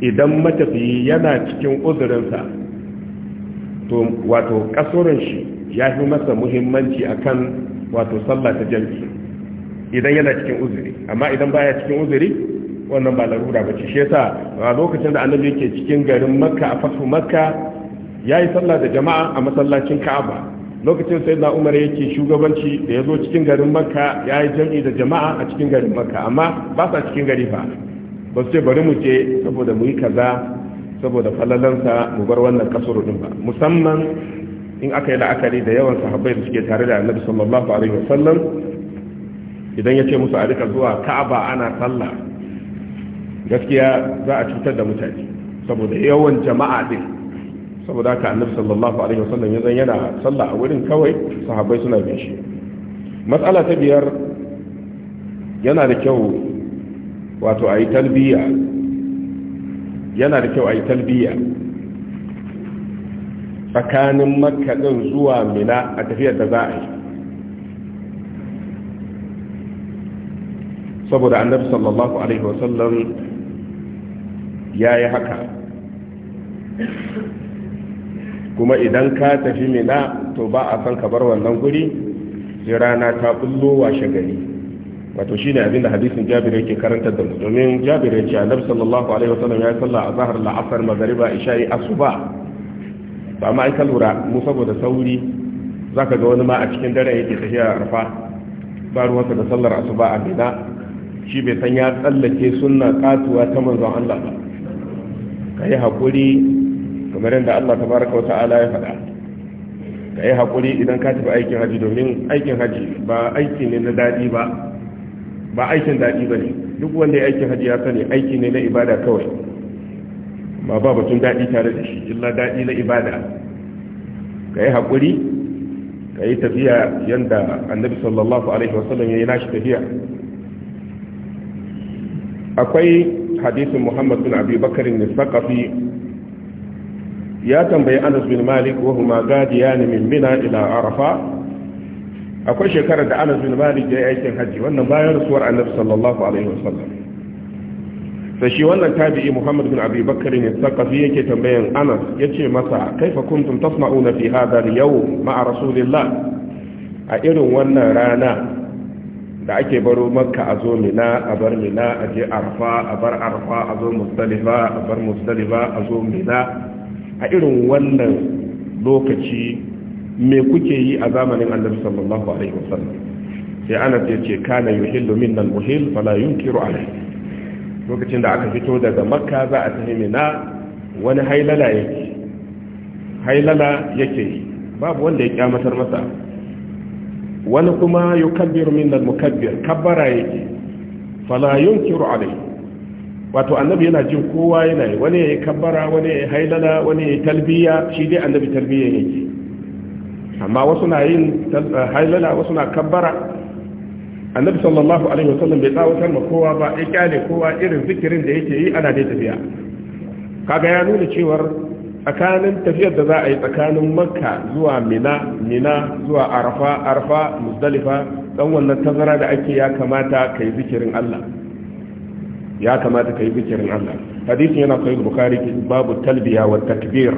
idan matafiyi yana cikin uzurinsa to wato kasurin shi ya fi masa muhimmanci akan wato sallah ta jami'i idan yana cikin uzuri amma idan baya cikin uzuri wannan ba larura ba ce shi yasa a lokacin da annabi yake cikin garin makka a fasu makka ya yi sallah da jama'a a masallacin ka'aba lokacin sai na umar yake shugabanci da ya zo cikin garin makka ya yi jam'i da jama'a a cikin garin makka amma ba sa cikin gari ba ba su ce bari mu je saboda mu yi kaza saboda falalansa mu bar wannan kasoro din ba musamman in aka yi la'akari da yawan sahabbai da suke tare da annabi sallallahu alaihi wasallam idan ya ce musu a rika zuwa ka'aba ana sallah gaskiya za a cutar da mutane saboda yawan jama'a din saboda haka annabi sallallahu alaihi wasallam ya zan yana sallah a wurin kawai sahabbai suna bin shi matsala ta biyar yana da kyau wato a yi talbiya yana da kyau a yi talbiya tsakanin makaɗin zuwa mina a tafiyar da za a yi saboda annabi sallallahu alaihi wasallam ya yi haka kuma idan ka tafi mina to ba a san ka bar wannan guri sai rana ta bullo washe gari wato shine abin da hadisin jabir yake karanta da mu domin jabir ya ce annabi sallallahu alaihi wasallam ya salla a zahar la'asar magariba isha'i asuba ba ma ka lura mu saboda sauri zaka ga wani ma a cikin dare yake tafiya arfa ba ruwansa da sallar asuba a mina shi bai san ya tsallake sunna katuwa ta manzon Allah ba kai hakuri kamar yadda Allah tabaraka wa ta'ala ya faɗa ka yi haƙuri idan ka tafi aikin haji domin aikin haji ba aiki ne na daɗi ba ba aikin daɗi ba ne duk wanda ya aikin haji ya sani aiki ne na ibada kawai ba ba batun daɗi tare da shi illa daɗi na ibada ka yi haƙuri ka yi tafiya yadda annabi sallallahu alaihi wasallam ya yi nashi tafiya akwai hadisin muhammad bin bakar bakarin nisaqafi ya tambayi anas bin malik wa huma gadiyan min mina ila arafa akwai shekarar da anas bin malik ya yi aikin haji wannan bayan rasuwar annabi sallallahu alaihi wasallam sai shi wannan tabi'i muhammad bin abi bakr ne sakafi yake tambayan anas yace masa kaifa kuntum tasma'una fi hadha al-yawm ma'a rasulillah a irin wannan rana da ake baro makka a zo mina a bar mina a je arfa a bar arfa a zo mustalifa a bar mustalifa a zo mina a irin wannan lokaci me kuke yi a zamanin annabi sallallahu alaihi wasallam sai ana ya ce kana yuhillu minna al-muhil fala yunkiru alai lokacin da aka fito daga makka za a tafi mina wani hailala yake hailala yake babu wanda ya kyamatar masa wani kuma yukabbiru minna al-mukabbir kabbara yake fala yunkiru alai wato annabi yana jin kowa yana yi wani ya yi kabbara wani ya yi hailala wani ya yi talbiya shi dai annabi talbiya yake amma wasu na yin eh, hailala wasu na kabbara annabi sallallahu alaihi wasallam bai tsawatar ma kowa ba ya kyale kowa irin zikirin da yake yi ana dai tafiya kaga ya nuna cewar tsakanin tafiyar da za a yi tsakanin makka zuwa mina mina zuwa arafa arafa musdalifa dan wannan tazara da ake ya kamata kai zikirin allah ya kamata ka yi zikirin Allah hadisin yana sahih bukhari babu talbiya wa takbir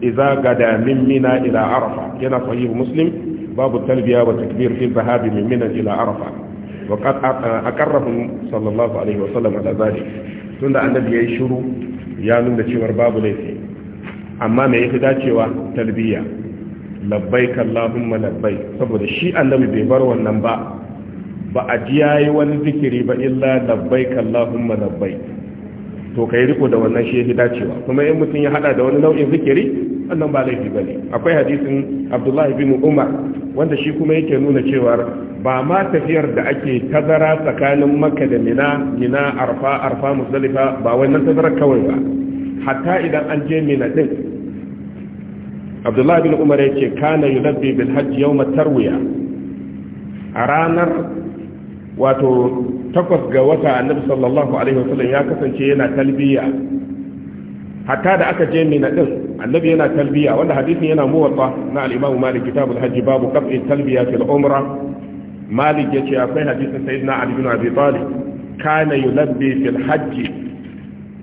idza gada min mina ila arafa yana sahih muslim babu talbiya wa takbir fi dhahabi min mina ila arafa wa qad aqarrahu sallallahu alaihi wa sallam ala zalik tunda annabi yayi shiru ya nuna cewa babu laifi amma me yafi dacewa talbiya labbaik allahumma labbaik saboda shi annabi bai bar wannan ba ba a ji yayi wani zikiri ba illa labbaik allahumma labbaik to kai riko da wannan shi dacewa kuma in mutum ya hada da wani nau'in zikiri wannan ba laifi bane akwai hadisin Abdullah ibn Umar wanda shi kuma yake nuna cewa ba ma tafiyar da ake tazara tsakanin Makka da Mina Mina Arfa Arfa Muzdalifa ba wannan tazara kawai ba hatta idan an je Mina din Abdullah ibn Umar yake kana yulabbi bil hajj yawm tarwiya a ranar wato takwas ga wata annabi sallallahu alaihi wasallam ya kasance yana talbiya hatta da aka je mina din annabi yana talbiya wanda hadisin yana muwatta na al-imam malik kitabul hajj babu qat'i talbiya fil umra malik yace akwai hadisin sayyidina ali bin abi talib kana yulabbi fil hajj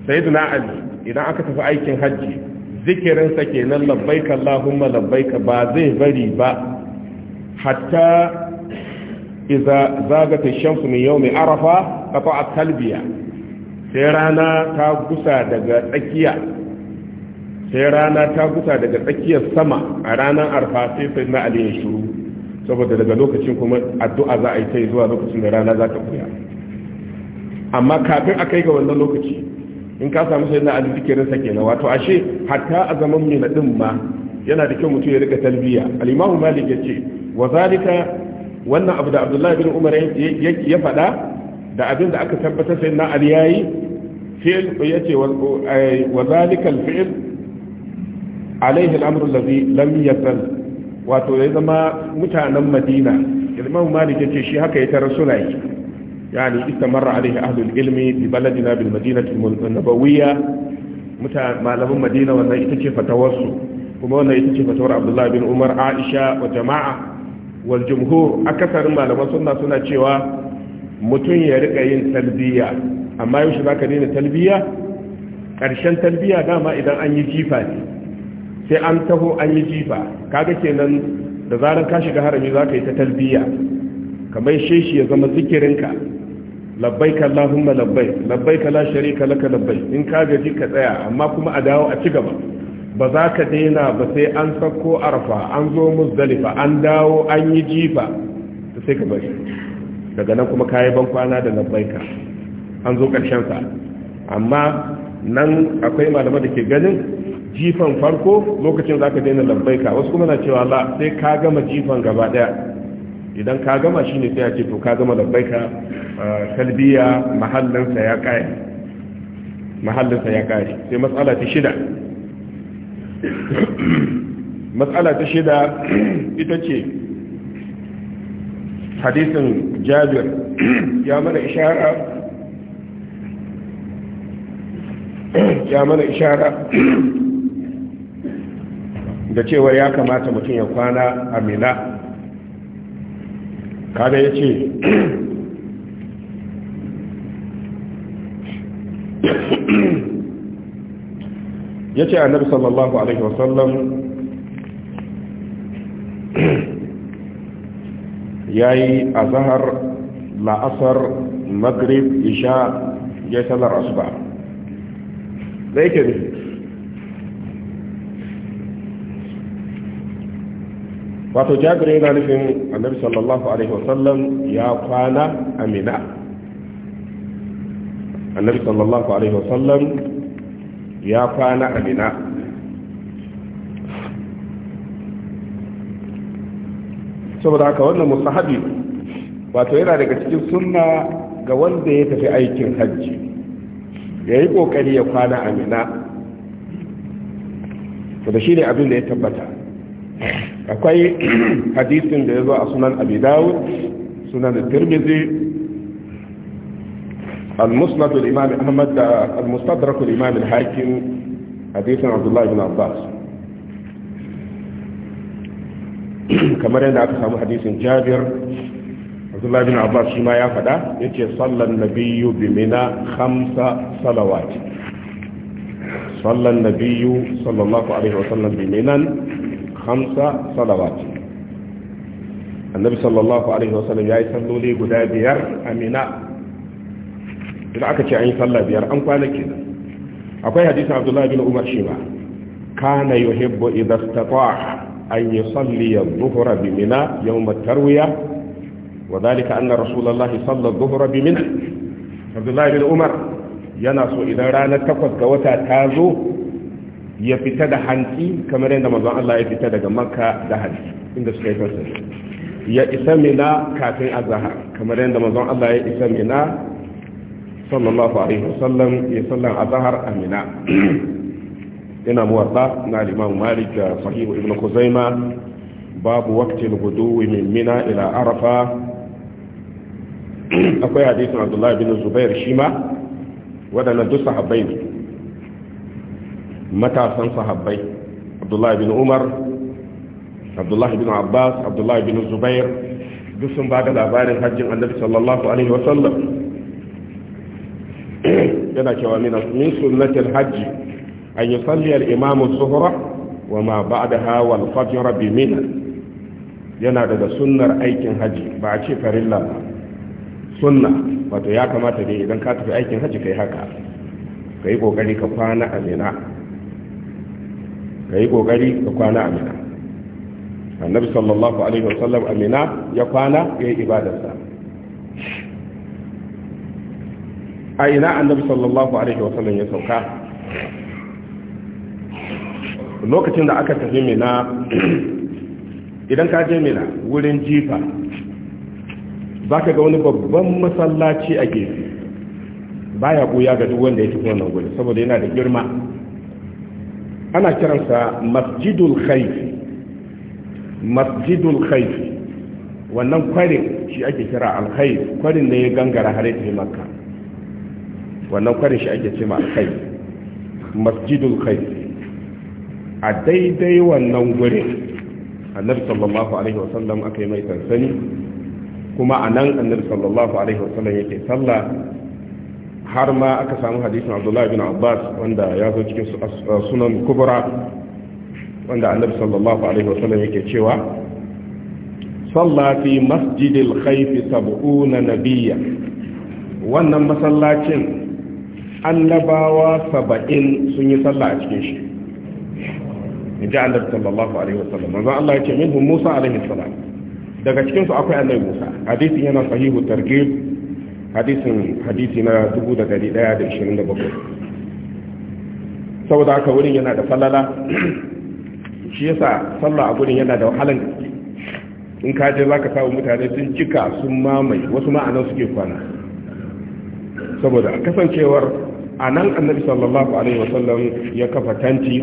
sayyidina ali idan aka tafi aikin hajji zikirinsa kenan labbaika allahumma labbaika ba zai bari ba hatta iza zagata shamsu min mai arafa qata'a talbiya sai rana ta gusa daga tsakiya sai rana ta gusa daga tsakiyar sama a ranar arfa sai sai na aliyu shuru saboda daga lokacin kuma addu'a za a yi ta zuwa lokacin da rana za ta buya amma kafin a kai ga wannan lokaci in ka samu sai na aliyu zikirin sa kenan wato ashe hatta a zaman mai din ma yana da kyau mutum ya rika talbiya al-imamu malik yace wa zalika wannan abu da abdullahi bin umar ya faɗa da abin da aka tabbatar sai na ali yayi fi'l ya ce eh, wa zalika al-fi'l alaihi al-amru alladhi lam yazal wato ya zama mutanen madina imam malik ce shi haka ya tarar suna yi yani istamarra alaihi ahlul ilmi bi baladina bil madinati an-nabawiyya mutanen malamin madina wannan ita ce fatawarsu kuma wannan ita ce fatawar abdullahi bin umar aisha wa jama'a wal akasarin malaman sunna suna cewa mutum ya rika yin talbiya amma yaushe zaka daina talbiya karshen talbiya dama idan an yi jifa ne sai an taho an yi jifa kaga kenan da zarar ka shiga harami zaka yi ta talbiya kamar sheshi ya zama zikirinka labbaik allahumma labbaik labbaik la sharika laka labbaik in ka gaji ka tsaya amma kuma a dawo a ci gaba ba za ka daina ba sai an sako arfa an zo muzdalifa an dawo an yi jifa ta sai ka bari daga nan kuma kayi ban kwana da labbaika an zo ƙarshen sa amma nan akwai malama da ke ganin jifan farko lokacin za ka daina labbaika wasu kuma na cewa la sai ka gama jifan gaba daya idan ka gama shi ne sai a ce to ka gama labbaika kalbiya eh, mahallinsa ya kare mahallinsa ya kare sai matsala ta shida matsala ta shida ita ce hadisin jabir ya mana ishara ya mana ishara da cewa ya kamata mutum ya kwana a mina kada ya ce ya ce annabi sallallahu alaihi wasallam ya yi a zahar la'asar maghrib isha ya yi sallar asuba da yake ne wato jabir yana nufin annabi sallallahu alaihi wasallam ya kwana amina annabi sallallahu alaihi wasallam ya kwana a mina saboda haka wannan musahabi wato yana daga cikin sunna ga wanda ya tafi aikin hajji ya yi kokari ya kwana a mina da shi ne abin da ya tabbata akwai hadisin da ya zo a sunan abi dawud sunan tirmidhi المسند الإمام أحمد المستدرك الإمام الحاكم حديث عبد الله بن عباس كما رأينا أكثر حديث جابر عبد الله بن عباس فيما يفدا يتي صلى النبي بمنى خمس صلوات صلى النبي صلى الله عليه وسلم بمنى خمس صلوات النبي صلى الله عليه وسلم يأي صلى لي قدابير أمنا idan aka ce an yi sallah biyar an kwana ke. akwai hadisin abdullahi bin umar shi ma kana yuhibbu idza istata'a an yusalli adh-dhuhra bi mina yawm at-tarwiya wa dhalika anna rasulullahi salla adh-dhuhra bi mina abdullahi bin umar yana so idan ranar takwas ga wata ta zo ya fita da hanci. kamar yadda mazan Allah ya fita daga makka da hanci. inda suka yi fasa ya isa mina kafin azahar kamar yadda mazan Allah ya isa mina sallallahu alaihi wasallam ya sallan azhar amina ina muwadda na imam malik da sahihu ibn kuzaima babu waqtil ghuduwi min ila arafa akwai hadisin abdullah bin zubair shima wadannan duk sahabbai matasan sahabbai abdullah bin umar abdullah bin abbas abdullah bin zubair duk sun ba da labarin hajjin annabi sallallahu alaihi wasallam yana cewa min sunnatil hajji an yi salliyar imamu suhura wa ma ba da hawa fajira bi mina yana daga sunnar aikin hajji ba a ce farilla ba sunna wato ya kamata ne idan ka tafi aikin hajji kai haka ka yi kokari ka kwana a mina ka yi kokari ka kwana a mina annabi sallallahu alaihi wasallam a mina ya kwana ya yi ibadarsa a ina annabi sallallahu alaihi wa sallam ya sauka lokacin da aka tafi mina idan ka je mina wurin jifa ba ka ga wani babban masallaci a gefe baya buya ga duk wanda ya tafi wannan wuri saboda yana da girma ana kiransa masjidul khaifi masjidul khaifi wannan kwarin shi ake kira alkhaif kwarin ne ya gangara har ya makka wannan kwarin shi ake cema kai masjidul kai a daidai wannan gurin annabi sallallahu alaihi wasallam aka yi mai sansani kuma a nan annabi sallallahu alaihi wasallam yake sallah har ma aka samu hadisin abdullahi bin abbas wanda ya zo cikin uh, sunan kubra wanda annabi sallallahu alaihi wasallam yake cewa salla fi masjidil khayf sab'una nabiyya wannan masallacin annabawa saba'in sun yi sallah a cikin shi in ji annabi sallallahu alaihi wasallam manzo Allah yake minhu Musa alaihi salam daga cikin su akwai annabi Musa Hadisi yana sahihu targhib hadisin hadisi na 1127 saboda haka wurin yana da falala shi yasa sallah a gurin yana da wahalan gaske in ka je zaka samu mutane sun cika sun mamaye wasu ma'anan suke kwana saboda kasancewar a nan annabi sallallahu alaihi wasallam ya kafa tanti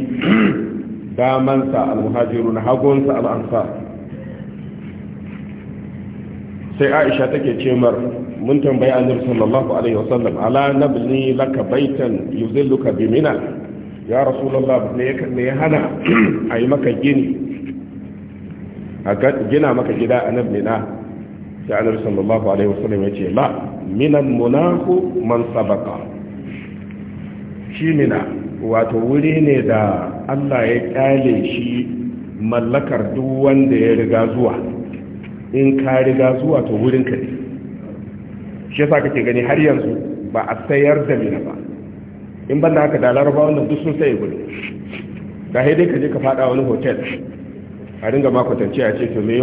damansa almuhajiru na hagonsa al'ansa sai aisha take ce mar mun tambayi annabi sallallahu alaihi wasallam ala nabni laka baitan yuzilluka bi mina ya rasulullah ne ya hana a yi maka gini a gina maka gida a nan mina sai annabi sallallahu alaihi wasallam ya ce ba. minan munahu man sabaka shi mina wato wuri ne da allah ya kyale shi mallakar duk wanda ya riga zuwa in ka riga zuwa to wurin ka ne shi yasa kake gani har yanzu ba a sayar da mina ba in ban da haka da laraba wannan duk sun saye gudu da haidai ka je ka fada wani hotel a ringa makwatance a ce to me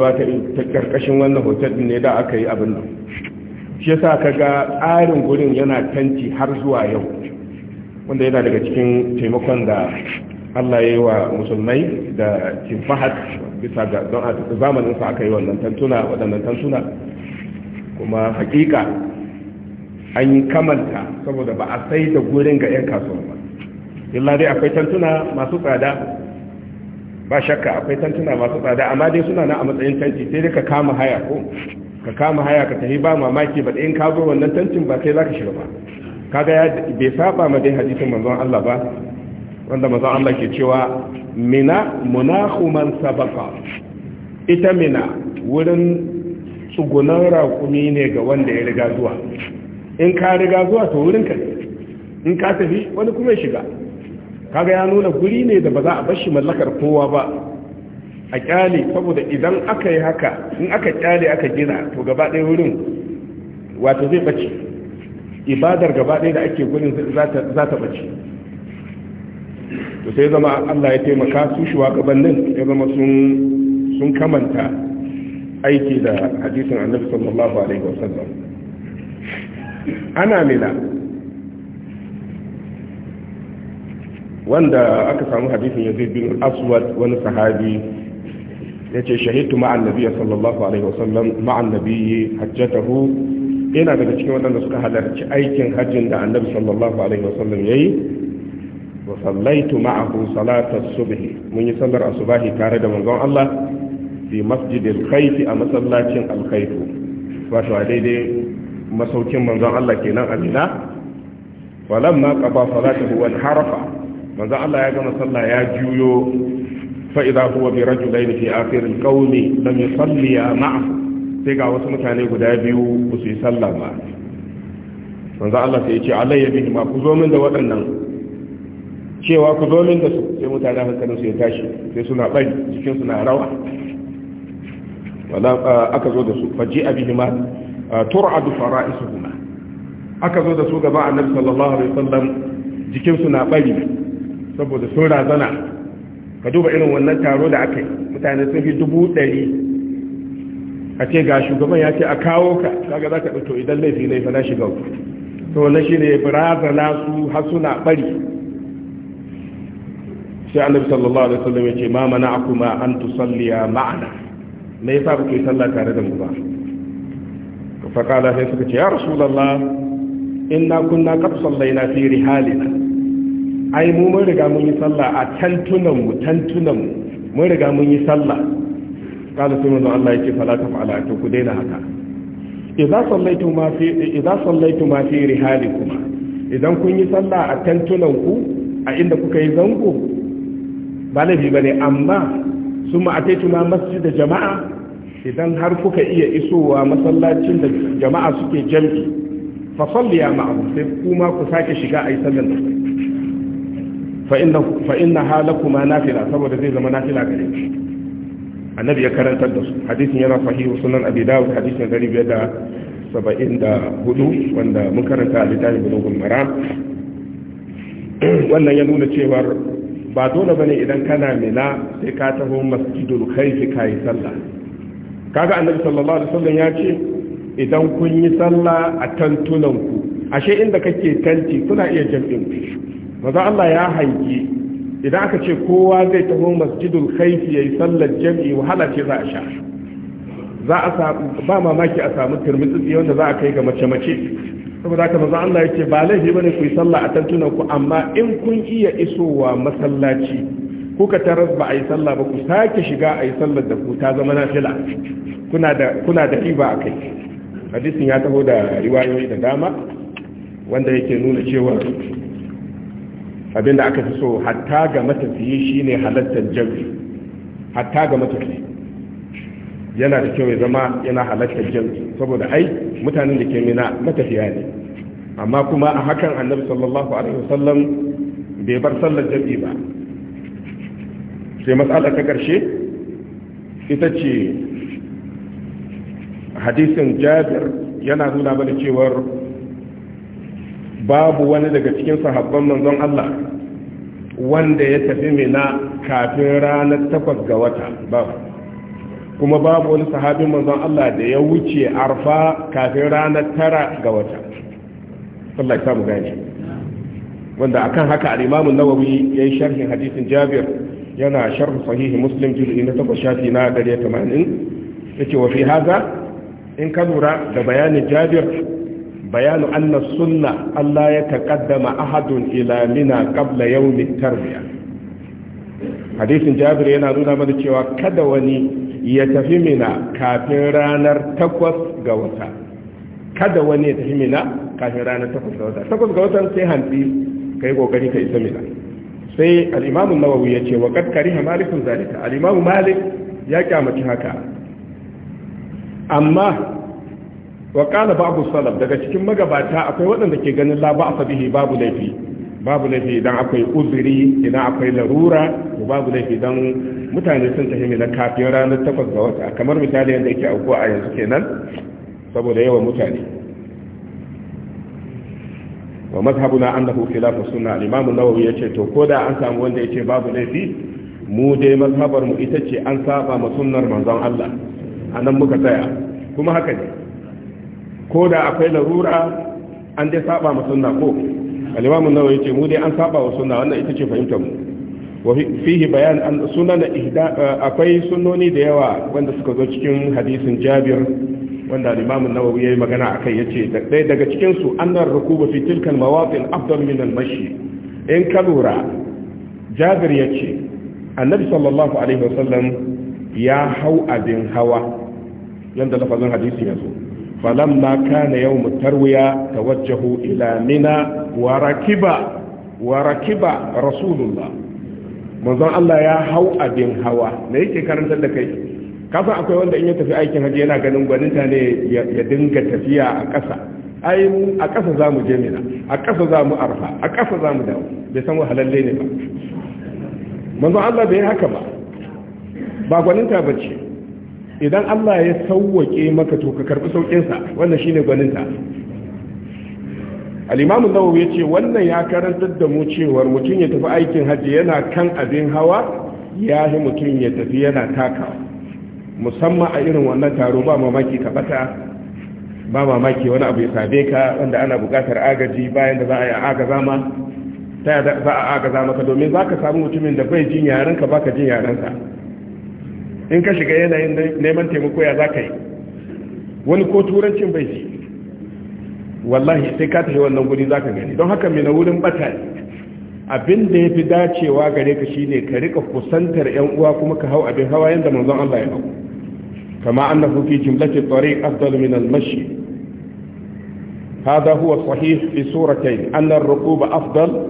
ta ƙarƙashin wannan hotel ne da aka yi abin nan shi yasa ga tsarin gurin yana tanti har zuwa yau wanda yana daga cikin taimakon da Allah ya yi wa musulmai da kimfahat bisa ga don a zamanin sa aka yi wannan tantuna waɗannan tantuna kuma hakika an yi kamanta saboda ba a sai da gurin ga 'yan kasuwa ba illa dai akwai tantuna masu tsada ba shakka akwai tantuna masu tsada amma dai suna na a matsayin tanti sai dai ka kama haya ko ka kama haya ka tafi ba mamaki ba in ka zo wannan tantin ba kai zaka shiga ba kaga ya bai saba ma dai hadisin manzon Allah ba wanda manzon Allah ke cewa mina munahu man sabaqa ita mina wurin tsugunan raƙumi ne ga wanda ya riga zuwa in ka riga zuwa to wurin ka in ka tafi wani kuma shiga kaga ya nuna guri ne da ba za a bar shi mallakar kowa ba a kyale saboda idan aka yi haka in aka kyale aka gina to gaba ɗaya wurin wato zai ɓace ibadar gaba ɗaya da ake gurin za ta ɓace to sai zama allah ya taimaka su shugabannin ya zama sun kamanta aiki da hadisun annabi sallallahu alaihi wasallam ana mina wanda aka samu hadisin yazid bin aswad wani sahabi yace shahidtu ma'an nabiy sallallahu alaihi wasallam ma'an nabiy hajjatahu yana daga cikin waɗanda suka halarci aikin hajjin da annabi sallallahu alaihi wasallam yayi wa sallaitu ma'ahu salatas subhi mun yi sallar asubahi tare da manzon Allah fi masjidil khayf a masallacin al khayf wato a daidai masaukin manzon Allah kenan a Mina falamma qada salatahu wal harafa manzon Allah ya gama sallah ya juyo فإذا هو برجلين في آخر القوم لم يصلي معه sai ga wasu mutane guda biyu ba su yi sallah ba manzo Allah sai ya ce alayya bihi ma ku zo min da waɗannan cewa ku zo min da su sai mutane hankalin su ya tashi sai suna bari jikin suna rawa wala aka zo da su faji abihi ma tur'adu fara'isuhuma aka zo da su gaba annabi sallallahu alaihi wasallam jikin na bari saboda sun razana ka duba irin wannan taro da aka yi mutane sun fi dubu ɗari a ce ga shugaban ya ce a kawo ka kaga za ka ɗauto idan laifi ne fa na shiga uku to wannan shi ne barazana su har suna bari sai annabi sallallahu alaihi wasallam ya ce ma mana'akuma an tusalliya ma'ana me yasa ba sallah tare da mu ba fa kala sai suka ce ya rasulullah inna kunna qad sallaina fi rihalina ai mu mun riga mun yi sallah a tantunan mu tantunan mu mun riga mun yi sallah kada sai manzon Allah yake fala ta fa'ala to ku daina haka idza sallaitu ma fi idza sallaitu ma fi rihalikum idan kun yi sallah a tantunan ku a inda kuka yi zango ba laifi bane amma a taitu ma masjid da jama'a idan har kuka iya isowa masallacin da jama'a suke jam'i fa salliya ma'ruf sai kuma ku sake shiga ayi sallan da fa inna na nafila saboda zai zama nafila gare shi annabi ya karantar da su hadisin yana sahihu sunan abi dawud hadisin gari biyar da saba'in da hudu wanda mun karanta a littafin bin gulmara wannan ya nuna cewar ba dole bane idan kana mina sai ka taho masjidul khaifi kayi sallah kaga annabi sallallahu alaihi wasallam ya ce idan kun yi sallah a tantunan ku ashe inda kake tanti kuna iya jam'in ku maza Allah ya haiki idan aka ce kowa zai taho masjidul khaifi yayi sallar jami'i wahala ce za a sha za a ba mamaki a samu turmutsi wanda za a kai ga mace mace saboda haka maza Allah yake ba laifi bane ku yi sallah a tantuna ku amma in kun iya isowa masallaci kuka taras ba a yi sallah ba ku sake shiga a yi sallar da ku ta zama nafila kuna da kuna da riba akai hadisin ya taho da riwayoyi da dama wanda yake nuna cewa abin da aka fi so hatta ga shi shine halattar jam'i hatta ga matafiye yana da kyau ya zama yana halattar jam'i saboda ai mutanen da ke mina matafiya ne amma kuma a hakan annabi sallallahu alaihi wasallam bai bar sallar jam'i ba sai matsala ta karshe ita ce hadisin jabir yana nuna mana cewar babu wani daga cikin sahabban manzon Allah wanda ya tafi mina kafin ranar takwas ga wata babu kuma babu wani sahabin manzon Allah da ya wuce arfa kafin ranar tara ga wata Allah ya samu gani wanda akan haka al imamu nawawi ya yi sharhin hadisin Jabir yana sharh sahihi Muslim juz'i na 8 shafi na 180 yace wa fi haza, in ka lura da bayanin Jabir bayanu anna sunna Allah ya taqaddama ahadun ila mina qabla yawmi tarbiya hadisin Jabir yana nuna mana cewa kada wani ya tafi mina kafin ranar takwas ga wata kada wani ya tafi mina kafin ranar takwas ga wata takwas ga wata sai hanti kai kokari ka isa mina sai al-Imam an-Nawawi ya ce wa qad kariha malikun zalika al-Imam Malik ya kyamaci haka amma wa qala babu salaf daga cikin magabata akwai waɗanda ke ganin la ba'sa bihi babu laifi babu laifi idan akwai uzuri idan akwai larura to babu laifi idan mutane sun tafi na kafin ranar takwas ga wata kamar misali yadda yake aukuwa a yanzu kenan saboda yawan mutane wa mazhabuna annahu khilafu sunna al-imam an-nawawi yace to koda an samu wanda yace babu laifi mu dai mazhabar mu ita ce an saba ma sunnar manzon Allah anan muka tsaya kuma haka ne ko da akwai larura an dai saba ma suna ko al nawa ya ce mu dai an saba wa suna wannan ita ce fahimtar mu wa fihi bayan an sunan ihda eh, akwai sunoni da yawa wanda suka zo cikin hadisin Jabir wanda al nawa ya yi magana a akai yace dai daga cikin su annar rukuba fi tilkan mawatin afdal min al-mashi in kalura Jabir ce annabi sallallahu alaihi wasallam ya hau abin hawa yadda lafazin hadisin ya zo فلما كان yau التروية توجهوا ta منى ila mina رسول الله manzon Allah ya hau abin hawa da yake karantar da kai kasan akwai wanda in ya tafi aikin hajji yana ganin gwaninta ne ya dinga tafiya a ƙasa ai a ƙasa za mu je mina a ƙasa za mu arfa a ƙasa za mu dawo bai san wahalalle ne ba manzon Allah bai haka ba ba gwaninta ba ce idan Allah ya sauwake maka to ka karbi sauƙinsa wannan shine gwaninta al-imam an-nawawi yace wannan ya karantar da mu cewar mutum ya tafi aikin haji yana kan abin hawa ya yi mutum ya tafi yana taka musamman a irin wannan taro ba mamaki ka bata ba mamaki wani abu ya same ka wanda ana buƙatar agaji bayan da za a yi agaza ma ta za a agaza maka domin za ka samu mutumin da bai jin yarenka ba ka jin yarenka in ka shiga yanayin neman taimako ya za ka yi wani ko turancin bai ji wallahi sai ka tafi wannan guri za ka gani don haka mai na wurin bata abin da ya fi dacewa gare ka shine ka rika kusantar yan uwa kuma ka hau abin hawa yadda manzon Allah ya hau kama annahu fi jumlati tariq afdal min al-mashi hada huwa sahih fi suratayn anna afdal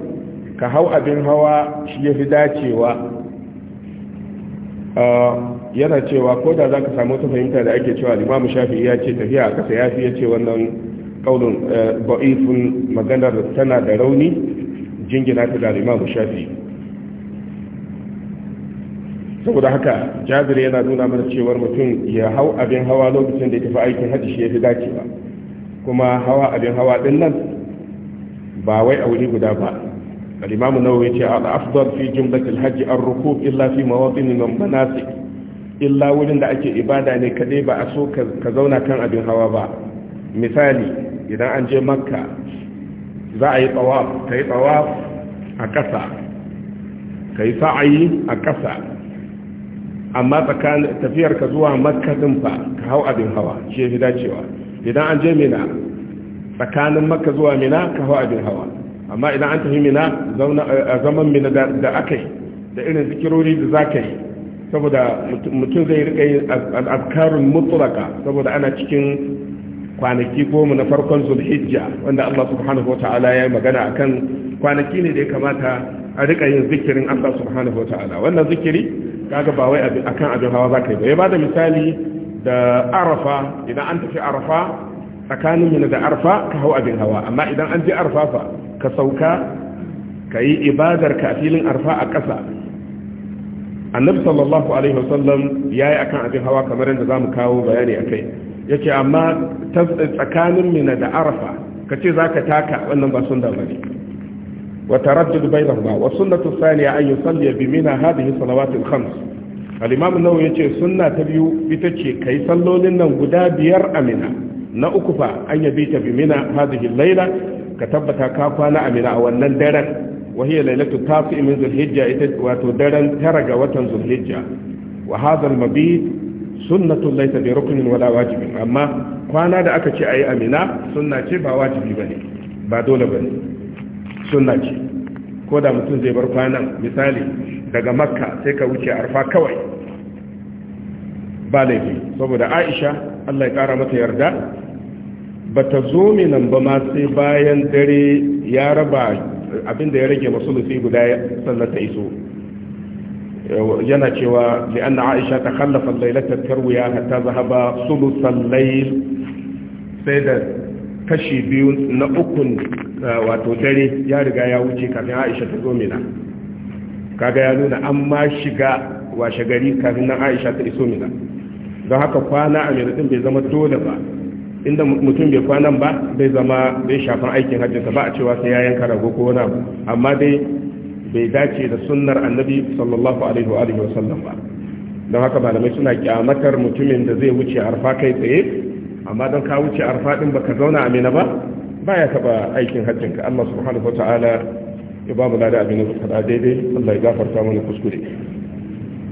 ka hau abin hawa shi ya fi dacewa Um, yana cewa ko da za ka samu wata fahimta da ake cewa Imam shafi ya ce tafiya a kasa fi ya ce wannan kaunin ba'ifin eh, maganar tana da rauni jingina ta da limamu shafi saboda haka Jabir yana nuna mana cewar mutum ya hau abin hawa lokacin da ya tafi aikin hajji shi ya yafi dacewa kuma hawa abin hawa din nan ba wai a wuri guda ba al-imam ce a yace al-afdal fi jumlatil hajj ar-rukub illa fi mawatin manasik illa wurin da ake ibada ne kaɗai ba a so ka zauna kan abin hawa ba misali idan an je makka za yi tsawaf a ƙasa amma tafiyar ka zuwa makka din fa ka hau abin hawa fi dacewa idan an je mina tsakanin maka zuwa mina ka hau abin hawa amma idan an tafi mina eh, a zaman mina da aka yi da irin zikirori da za ka yi saboda mutum zai rika yin al'adkarun mutulaka saboda ana cikin kwanaki goma na farkon zulhijja wanda Allah subhanahu ta'ala ya yi magana a kan kwanaki ne da ya kamata a rika yin zikirin Allah subhanahu ta'ala wannan zikiri kaga ba wai akan abin hawa za ka yi ba ya ba da misali da arafa idan an tafi arafa tsakanin mina da arfa ka hau abin hawa amma idan an je arafa fa ka sauka ka yi ibadar ka a filin arfa a ƙasa annabi sallallahu alaihi wasallam ya yi akan abin hawa kamar yadda za mu kawo bayani a kai ya ce amma tsakanin mina da arafa ka ce za ka taka wannan ba sun da wata rajin bai ba wasu na tusani an yi salliya bi mina hadihi salawatin khams al'imam nawa ya ce suna ta biyu ita ce ka yi sallolin nan guda biyar a mina na uku fa an yabi ta bi mina hadihi laila ka tabbata ka kwana amina a wannan daren ya lailatu ta fi min zulhijja ita wato daren tara ga watan zulhijja wa hadal mabit sunnatun laita bi rukunin wala wajibin amma kwana da aka ce ayi amina sunna ce ba wajibi bane ba dole bane sunna ce ko da mutum zai bar kwanan misali daga makka sai ka wuce arfa kawai ba laifi saboda aisha Allah ya kara mata yarda ba ta zo minan ba ma sai bayan dare ya raba abinda ya rage lufi guda sannan ta iso yana cewa da anna aisha ta kallafa lailatar tarwiya ba zahaba sulusan lail sai da kashi biyu na ukun eh, wato dare ya riga ya wuce kafin aisha ta zo mina kaga ya nuna an ma shiga washe gari kafin nan aisha ta iso mina don haka kwana a minatin bai zama dole ba inda mutum bai kwanan ba bai zama bai shafan aikin hajjinsa ba a cewa sai ya yanka rago ko wani amma dai bai dace da sunnar annabi sallallahu alaihi wa alihi wasallam ba don haka malamai suna kyamatar mutumin da zai wuce arfa kai tsaye amma don ka wuce arfa din baka zauna amina ba baya taba aikin hajjinka Allah subhanahu wa ta'ala ya ba mu lada abin da daidai Allah ya gafarta mana kuskure